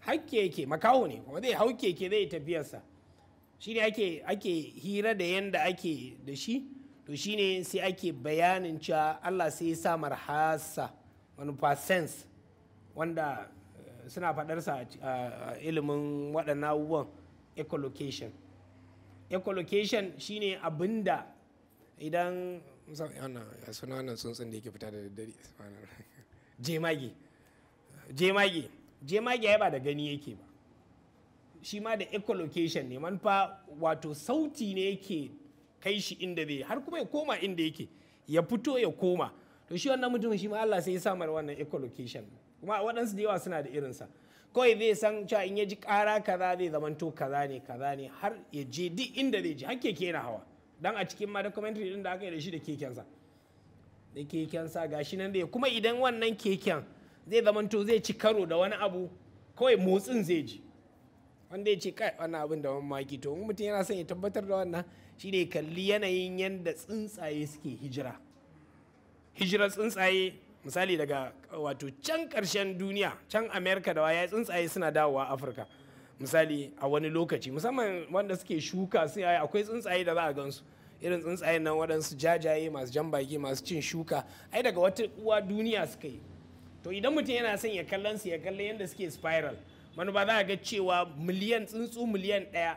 hakke yake makaho ne kuma zai hauke ke zai tafiyarsa shi ne ake hira da yadda ake da shi to shi ne sai ake bayanin cewa allah sai ya sa marhasa manufa sense wanda eh, suna faɗarsa a ilimin waɗannan abubuwan echolocation echolocation shine abinda idan ya suna wannan tsuntsun da yake fita da daddare jemage jemage jemage ya ba da gani yake ba shi ma da echolocation ne manfa wato sauti ne yake kai shi inda zai har kuma ya koma inda yake ya fito ya koma to shi wannan mutumin shi ma Allah sai ya samar wannan echolocation kuma waɗansu da yawa suna da irin sa kawai zai san cewa in ya ji ƙara kaza zai zamanto kaza ne kaza ne har ya je duk inda zai ji hakke keke na hawa dan a cikin ma documentary din da aka yi da shi da kekensa da kekensa gashi nan da kuma idan wannan keken zai zamanto zai ci karo da wani abu kawai motsin zai ji wanda ya ce kai wannan abin da mamaki to mutum yana son ya tabbatar da wannan shi ne kalli yanayin yadda tsuntsaye suke hijira hijirar tsuntsaye misali daga wato can ƙarshen duniya can amerika da waya tsuntsaye suna dawowa afirka misali a wani lokaci musamman wanda suke shuka sai akwai tsuntsaye da za a gansu irin tsuntsaye nan waɗansu jajaye masu jan baki masu cin shuka ai daga wata uwa duniya suka yi to idan mutum yana son ya kallon su ya kallon yadda suke spiral ba za a ga cewa miliyan tsuntsu miliyan ɗaya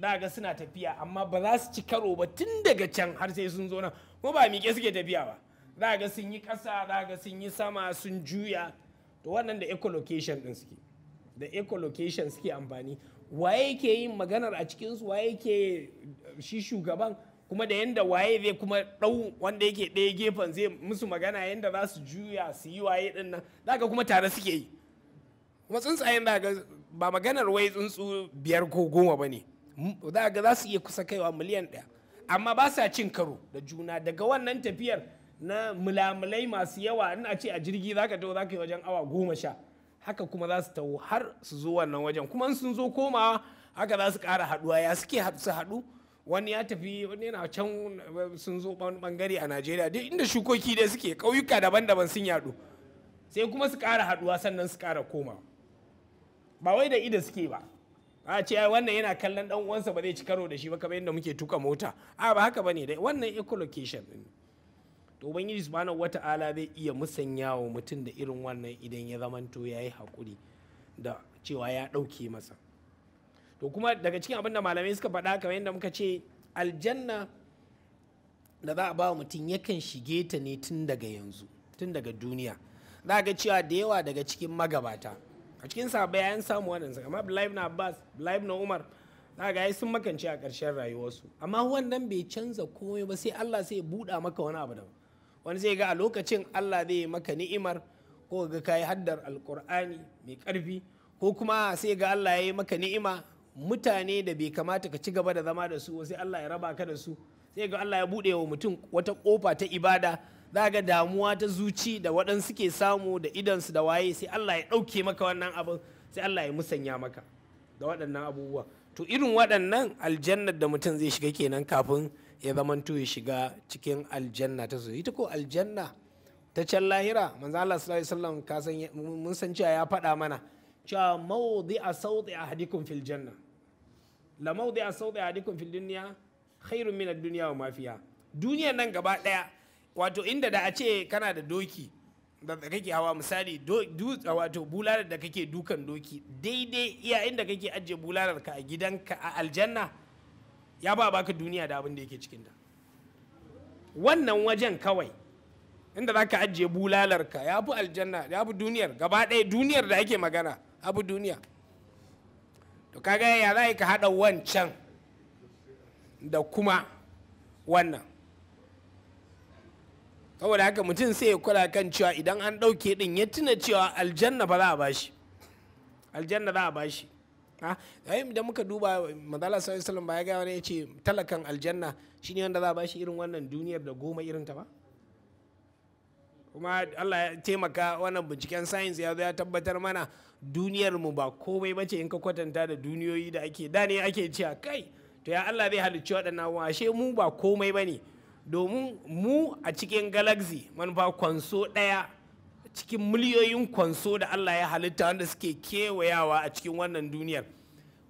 za ga suna tafiya amma ba za su ci karo ba tun daga can har sai sun zo nan kuma ba miƙe suke tafiya ba za ga sun yi ƙasa za ga sun yi sama sun juya to wannan da echolocation ɗin suke da echolocation suke amfani waye ke yin maganar a cikinsu waye ke eh, shi shugaban kuma da yadda waye zai kuma ɗau wanda yake ɗaya gefen zai musu magana yadda za su juya su yi waye ɗin nan kuma tare suke yi kuma tsuntsayen ga ba maganar wai tsuntsu biyar ko goma ba ne ga za su iya kusa kaiwa miliyan ɗaya amma ba sa cin karo da juna daga wannan tafiyar na mulamulai masu yawa ina ce a jirgi zaka ka zaka yi wajen awa goma sha haka kuma za su taho har su zo wannan wajen kuma in sun zo koma haka za su ƙara haɗuwa ya suke su haɗu wani ya tafi wani yana can sun zo bangare a najeriya duk inda shukoki dai suke kauyuka daban-daban sun yadu sai kuma su kara haɗuwa sannan su ƙara koma ba wai da ida suke ba a ce wannan yana kallon dan uwansa ba zai ci karo da shi ba kamar yadda muke tuka mota a ba haka bane dai wannan ecolocation ne to ubangiji wata ala zai iya musanya wa mutum da irin wannan idan ya zamanto ya yi haƙuri da cewa ya ɗauke masa to kuma daga cikin abin da malamai suka faɗa kamar yadda muka ce aljanna da za a ba mutum yakan shige ta ne tun daga yanzu tun daga duniya za ga cewa da yawa daga cikin magabata a cikin sabai an samu wannan amma live na Abbas live na Umar za ga sun makanci a ƙarshen rayuwarsu amma wannan bai canza komai ba sai Allah sai ya buɗa maka wani abu daban wani zai ga a lokacin Allah zai maka ni'imar ko ga kai haddar alkur'ani mai karfi ko kuma sai ga Allah ya yi maka ni'ima mutane da bai kamata ka ci gaba da zama da su sai Allah ya raba ka da su sai ga Allah ya buɗe wa mutum wata kofa ta ibada za ga damuwa ta zuci da waɗansu suke samu da idansu da waye sai Allah ya ɗauke maka wannan abin sai Allah ya musanya maka da waɗannan abubuwa to irin waɗannan aljannar da mutum zai shiga kenan kafin ya zamanto ya shiga cikin aljanna ta su ita ko aljanna ta can lahira manzo Allah sallallahu alaihi wasallam ka san mun san cewa ya faɗa mana cewa sauti a hadikun fil janna la sauti a hadikun fil dunya khairun min ad-dunya wa mafiya duniyar nan gaba daya wato inda da a ce kana da doki da kake hawa misali wato bularar da kake dukan doki daidai iya inda kake ajiye bularar ka a gidanka a aljanna ya ba baka duniya da abin da yake cikinta wannan wajen kawai inda za ka ajiye bulalarka ya fi aljanna ya fi duniyar gaba ɗaya duniyar da ake magana abu duniya to kaga ya za ka haɗa wancan da kuma wannan saboda haka mutum sai ya kula kan cewa idan an ɗauke ɗin ya tuna cewa aljanna ba za a bashi aljanna za a bashi yayin da muka duba manzala sallallahu alaihi wasallam ba ya gaya wani ce talakan aljanna shine wanda za a shi irin wannan duniyar da goma irin ta ba kuma Allah ya taimaka wannan binciken science ya zo ya tabbatar mana duniyar mu ba komai bace in ka kwatanta da duniyoyi da ake da ne ake cewa kai to ya Allah zai halicci waɗannan abubuwa ashe mu ba komai bane domin mu a cikin galaxy manufa kwanso ɗaya cikin miliyoyin kwanso da Allah ya halitta wanda suke kewayawa a cikin wannan duniyar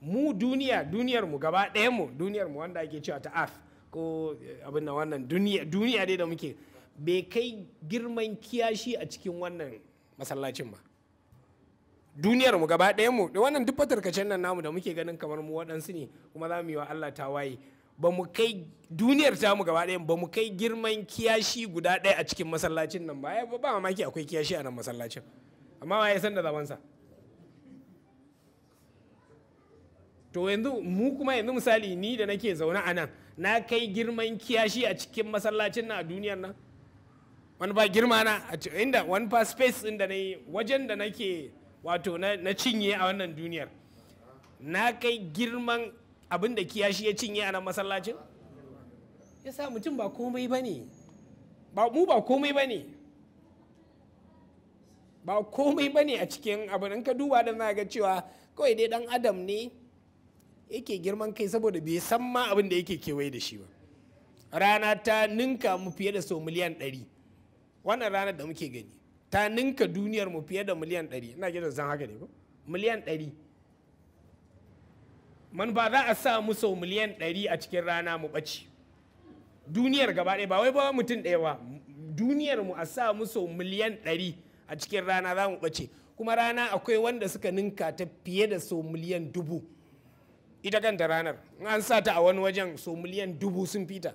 mu duniya duniyar mu gaba ɗaya mu duniyar mu wanda ake cewa ta af ko eh, abin da wannan duniya duniya dai da muke bai kai girman kiyashi a cikin wannan masallacin ba duniyar mu gaba ɗaya mu da wannan duk fatarkacen nan namu da muke ganin kamar mu waɗansu ne kuma za mu yi wa Allah tawaye ba mu kai duniyar ta mu gaba ɗaya ba mu kai girman kiyashi guda ɗaya a cikin masallacin nan ba ba mamaki akwai kiyashi a nan masallacin amma ba ya san da zamansa to yanzu mu kuma yanzu misali ni da nake zaune a nan na kai girman kiyashi a cikin masallacin nan a duniyar nan wani ba girma na inda wani ba space inda da na yi wajen da nake wato na cinye a wannan duniyar na kai girman abin da kiyashi ya cinye a nan masallacin ya sa mutum ba komai ba ne mu ba komai ba ne ba komai ba ne a cikin abin in ka duba da ga cewa kawai dai dan adam ne yake girman kai saboda bai san ma abin da yake kewaye da shi ba rana ta ninka mu fiye da sau miliyan ɗari wannan ranar da muke gani ta ninka duniyar mu fiye da miliyan ɗari ina gidan zan haka ne ko miliyan ɗari man ba za a sa mu sau miliyan ɗari a cikin rana mu ɓaci duniyar gaba ɗaya ba wai ba mutum ɗaya ba duniyar mu a sa mu sau miliyan ɗari a cikin rana za mu ɓace kuma rana akwai wanda suka ninka ta fiye da sau miliyan dubu ita kanta ranar an sa ta a wani wajen sau miliyan dubu sun fita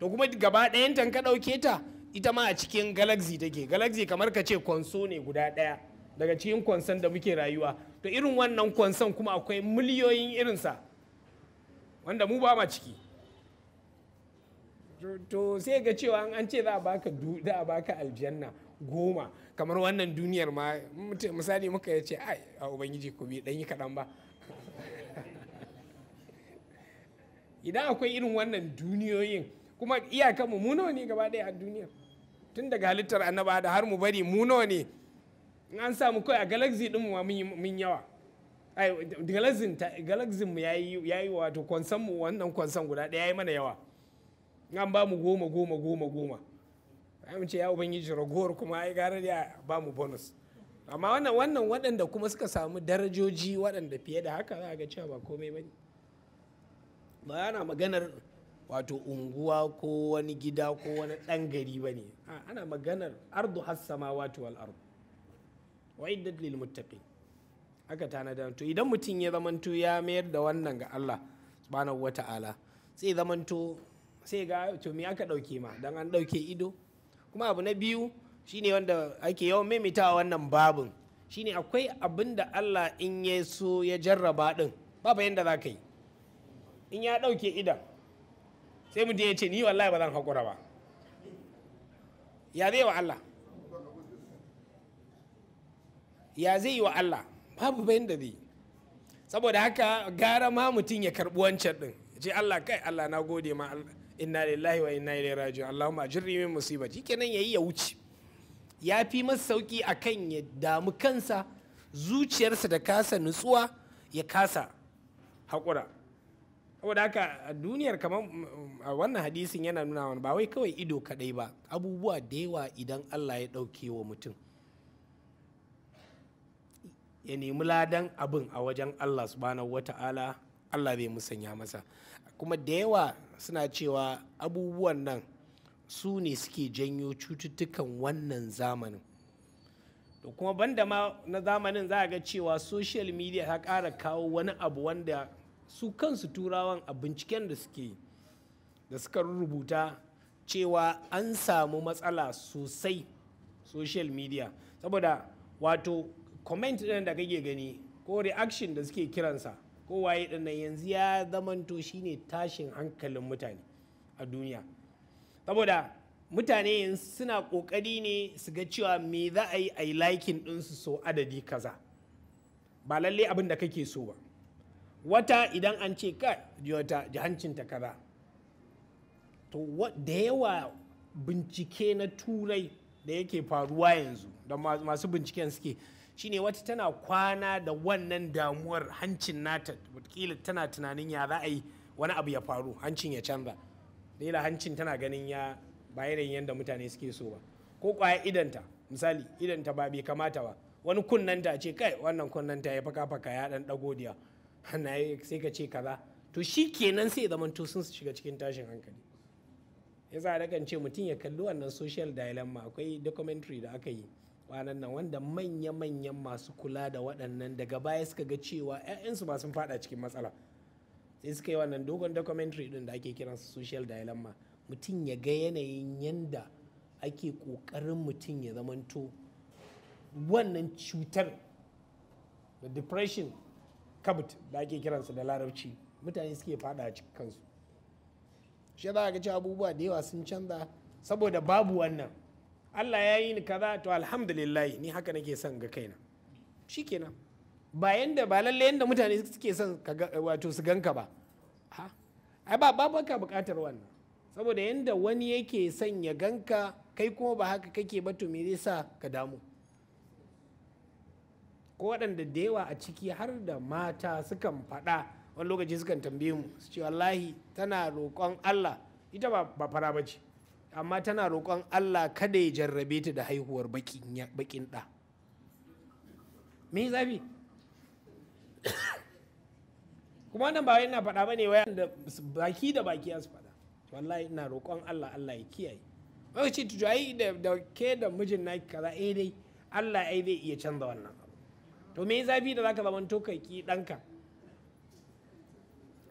to kuma gaba ɗayan ka ɗauke ta ita ma a cikin galaxy take galaxy kamar ka ce konso ne guda ɗaya daga cikin kwanson da muke rayuwa to irin wannan kwanson kuma akwai miliyoyin irinsa wanda mu ba ma ciki to sai ga cewa an ce za a baka da a baka aljanna goma kamar wannan duniyar ma misali muka ya ce ai a ubangiji ku bi dan yi kaɗan ba idan akwai irin wannan duniyoyin kuma iyakanmu mu nawa ne gaba ɗaya a duniyar tun daga halittar annaba da har mu bari mu nawa ne in an samu kai a galaxy din mu mun yawa galaxy mu ya yi wato kwansan mu wannan kwansan guda ɗaya ya yi mana yawa an ba mu goma goma goma goma ya mace ya ubangiji ragowar kuma ai gara ya ba mu bonus amma wannan wannan waɗanda kuma suka samu darajoji waɗanda fiye da haka za a ga cewa ba komai ba ne ba ana maganar wato unguwa ko wani gida ko wani ɗan gari ba ne ana maganar ardu hassama wato al'ardu wa iddat lil muttaqin aka tanada to idan mutum ya zamanto ya mayar da wannan ga Allah subhanahu wata'ala sai zamanto sai ga to me aka dauke ma dan an dauke ido kuma abu na biyu shine wanda ake yawan maimaitawa wannan babin shine akwai abin da Allah in ya so ya jarraba din ba yanda da za ka yi in ya dauke idan sai mutum ya ce ni wallahi ba zan hakura ba ya zai wa Allah ya zai yi wa Allah babu bayan da zai saboda haka gara ma mutum ya karɓi wancan ɗin ce Allah kai Allah na gode ma inna lillahi wa inna ilaihi raji'un Allahumma ajirni min musibati kenan yayi ya wuce ya fi masa sauki akan ya damu kansa zuciyarsa da kasa nutsuwa ya kasa haƙura saboda haka duniyar kamar mm, mm, wannan hadisin yana nuna wani ba wai kawai ido kaɗai ba abubuwa da yawa idan Allah ya ɗauke wa mutum ya nemi ladan abin a wajen Allah subhanahu wata'ala Allah zai musanya masa kuma da yawa suna cewa abubuwan nan su ne suke janyo cututtukan wannan zamanin da kuma banda ma na zamanin za a ga cewa social media ta ƙara kawo wani abu wanda su kansu turawan a binciken da suke da suka rubuta cewa an samu matsala sosai social media saboda wato comment ɗin da kake gani ko reaction da suke kiransa ko waye ɗin nan yanzu ya zamanto shine tashin hankalin mutane a duniya saboda mutane yanzu suna ƙoƙari ne su ga cewa me za a yi a yi likin ɗinsu so adadi kaza ba lalle abin da kake so ba wata idan an ce ka wata jihancinta kaza to da yawa bincike na turai da yake faruwa yanzu da masu binciken suke shine wata tana kwana da wannan damuwar hancin nata watakila tana tunanin ya za a yi wani abu ya faru hancin ya canza da hancin tana ganin ya ba yanayin yadda mutane suke so ba ko kwaya idanta misali idanta ba bai kamata ba wani kunnanta ce kai wannan kunnanta ya faka faka ya dan dago diya sai ka ce kaza to shi kenan sai zaman to sun shiga cikin tashin hankali yasa da kan ce mutum ya kalli wannan social dilemma akwai documentary da aka yi kwanan nan wanda manya-manyan masu kula da waɗannan daga baya suka ga cewa 'ya'yansu masu sun fada cikin matsala sai suka yi wannan dogon documentary din da ake kiransu social dilemma mutum ya ga yanayin yanda ake ƙoƙarin mutum ya zamanto wannan cutar da depression kabut da ake kiransa da larabci mutane suke fada cikin kansu shi za ga ci abubuwa da yawa sun canza saboda babu wannan Allah ya yi ni kaza to alhamdulillah ni haka nake son ga kaina shikenan ba yanda ba lalle yanda mutane suke son wato su ganka ba ai ba babu ka bukatar wannan saboda yanda wani yake son ya ganka kai kuma ba haka kake ba to me zai sa ka damu ko waɗanda da yawa a ciki har da mata sukan faɗa wani lokaci sukan tambaye mu su ce wallahi tana roƙon Allah ita ba fara ba ce amma tana roƙon Allah kada ya jarrabe ta da haihuwar bakin ɗa me zafi kuma nan ba ina faɗa ba ne wa da baki da baki ya su faɗa wallahi ina roƙon Allah Allah ya kiyaye wai ce tuju ai da ke da mijin naki kaza eh dai Allah ai zai iya canza wannan abu to me zafi da zaka zama to kai ki ɗanka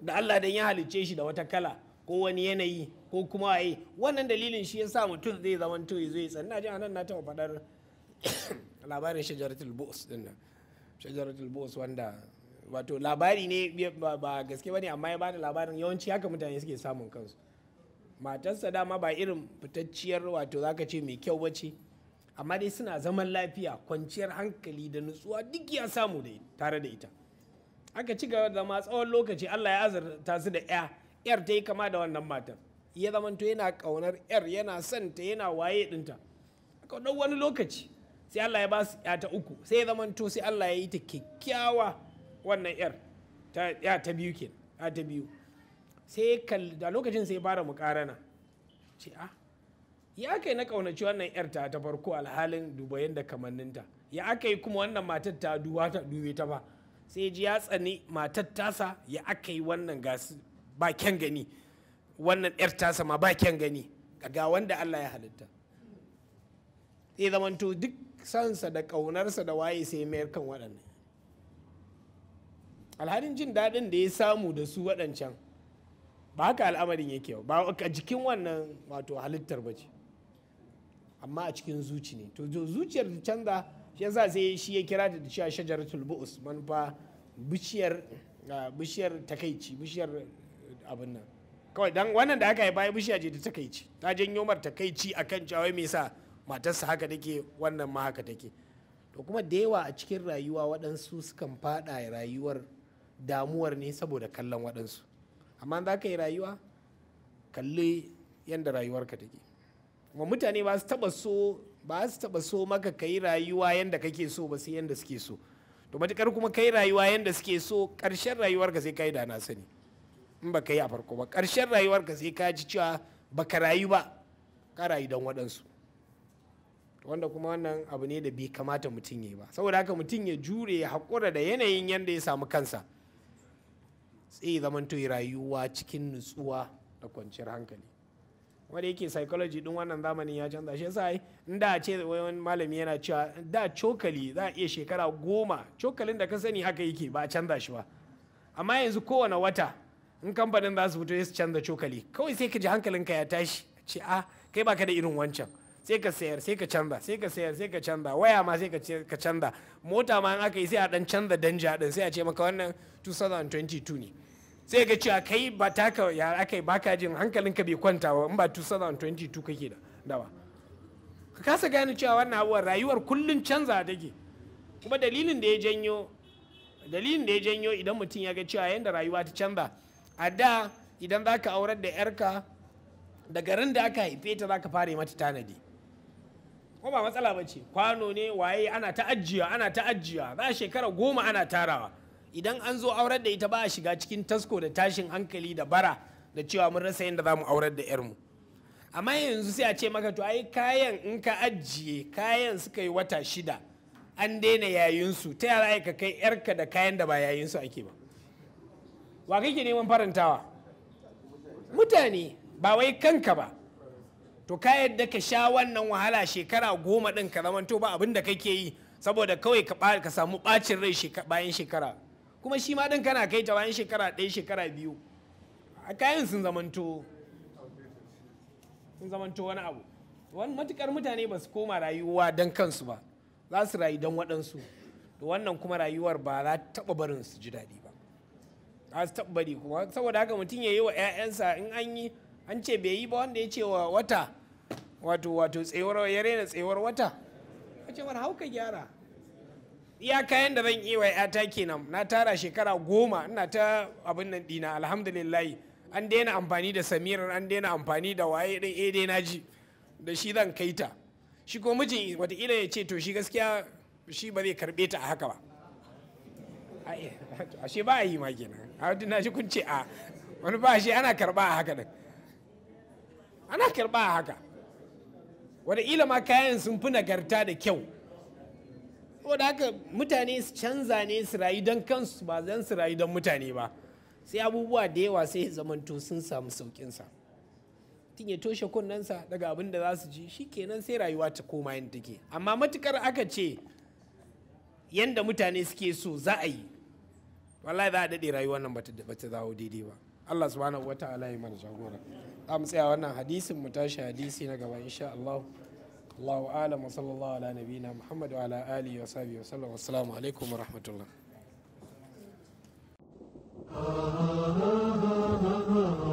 da Allah dan ya halicce shi da wata kala ko wani yanayi ko kuma waye wannan dalilin shi yasa mutum zai zama to ya zo ya tsanna ji anan na taɓa faɗar labarin shajaratul bu'us din nan shajaratul bu'us wanda wato labari ne ba gaske bane amma ya bada labarin yawanci haka mutane suke samun kansu matarsa dama ba irin fitacciyar wato zaka ce mai kyau bace amma dai suna zaman lafiya kwanciyar hankali da nutsuwa duk ya samu da tare da ita aka ci gaba da ma tsawon lokaci Allah ya azurta su da 'ya yar ta yi kama da wannan matar ya zamanto yana ƙaunar yar yana son ta yana waye ɗinta ƙaunar wani lokaci sai Allah ya ba su ya ta uku sai ya zamanto sai Allah ya yi ta kyakkyawa wannan yar ta ya ta biyu ke ya ta biyu sai kal da lokacin sai fara muƙarana ce a ah, ya kai na ƙaunaci wannan yar ta ta farko alhalin duba da kamanninta ya aka yi kuma wannan matar ta duwa ta dube ta ba sai ji ya tsani matar tasa ya aka yi wannan gasi. ba kyan gani wannan yar tasa ma ba kyan gani ga wanda Allah ya halitta sai zamanto duk sansa da kaunarsa da waye sai mayar kan waɗannan alhalin jin daɗin da ya samu da su waɗancan ba haka al'amarin yake ba a jikin wannan wato halittar ba ce amma a cikin zuci ne to zuciyar ta canza shi yasa sai shi ya kira ta da cewa shajaratul bu'us manufa bishiyar ah, bishiyar takaici bishiyar abin nan kawai dan wannan da aka yi bayan bishiya je ta takaici ta janyo mar takaici akan cewa me yasa matarsa haka take wannan ma haka take to kuma da yawa a cikin rayuwa waɗansu sukan faɗa rayuwar damuwar ne saboda kallon waɗansu amma za ka yi rayuwa kalli yadda rayuwarka take kuma mutane ba su taɓa so ba su taɓa so maka ka yi rayuwa yadda kake so ba sai yadda suke so to matuƙar kuma kai rayuwa yadda suke so ƙarshen rayuwarka sai kai da na sani in ba ka yi a farko ba ƙarshen rayuwarka sai ka ci cewa ba ka rayu ba ka rayu don waɗansu wanda kuma wannan abu ne da bai kamata mutum ya ba saboda haka mutum ya jure ya haƙura da yanayin yadda ya samu kansa sai yi rayuwa cikin nutsuwa da kwanciyar hankali wanda yake psychology din wannan zamanin ya canza shi sai in da ce wani malami yana cewa da cokali za a iya shekara goma cokalin da ka sani haka yake ba a canza shi ba amma yanzu kowane wata in kamfanin za su fito ya su canza cokali kawai sai ka ji hankalinka ya tashi ce a ah, kai baka da irin wancan sai ka sayar sai ka canza sai ka sayar sai ka canza waya ma sai ka canza mota ma in aka yi sai a dan canza danja din sai a ce maka wannan 2022 ne sai ka cewa kai ba taka ya aka yi baka jin hankalinka bai kwanta ba in ba 2022 kake da dawa ka kasa gane cewa wannan abuwar rayuwar kullun canza take kuma dalilin da ya janyo dalilin da ya janyo idan mutum ya ga cewa yadda rayuwa ta canza a da idan za ka aurar da 'yarka da garin da aka haife ta za ka fara yi mata tanadi ko ba matsala ba ce kwano ne waye ana ta ana ta za a shekara goma ana tarawa idan an zo aurar da ita ba a shiga cikin tasko da tashin hankali da bara da cewa mun rasa yadda za mu aurar da 'yarmu amma yanzu sai a ce maka to ai kayan in ka ajiye kayan suka yi wata shida an daina yayinsu ta yara ka kai 'yarka da kayan da ba yayinsu ake ba wa kake neman farantawa mutane ba wai kanka ba to ka yadda ka sha wannan wahala shekara goma ɗin ka to ba abin da kake yi saboda kawai ka samu ɓacin rai bayan shekara kuma shi ma ɗin kana kai ta bayan shekara ɗaya shekara biyu a kayan sun zamanto sun zamanto wani abu wani matukar mutane ba su koma rayuwa don kansu ba za su rayu don waɗansu wannan kuma rayuwar ba za taɓa barin su ji daɗi a tabbari kuma saboda haka mutum ya yi wa 'ya'yansa in an yi an ce bai yi ba wanda ya ce wa wata wato wato tsewar ya rena tsewar wata a ce mara hauka gyara iya kayan da zan yi wa 'yata kenan na tara shekara goma ina ta abin nan dina alhamdulillah an daina amfani da samirar an daina amfani da waye din a eh dai naji da shi zan kai ta shi ko mijin watakila ya ce to shi gaskiya shi ba zai karbe ta a haka ba a ashe ba a yi ma kenan a na shi kun ce a wani ba shi ana karba a haka din ana karba a haka wadda ma kayan sun fi nagarta da kyau wadda haka mutane su canza ne su rayu don kansu ba zan su rayu don mutane ba sai abubuwa da yawa sai zamanto sun samu sauƙinsa tun ya toshe kunnensa daga abin da za su ji shi kenan sai rayuwa ta koma yin take amma matukar aka ce yanda mutane suke so za a yi wallahi za a daɗe rayuwar nan ba ta zawo daidai ba Allah subhanahu wa ta'ala ya mana jagora za mu tsaya wannan hadisin mu tashi hadisi na gaba insha Allah Allahu a'lam wa sallallahu ala nabiyina Muhammad wa ala alihi wa sahbihi wa sallam assalamu alaikum wa rahmatullah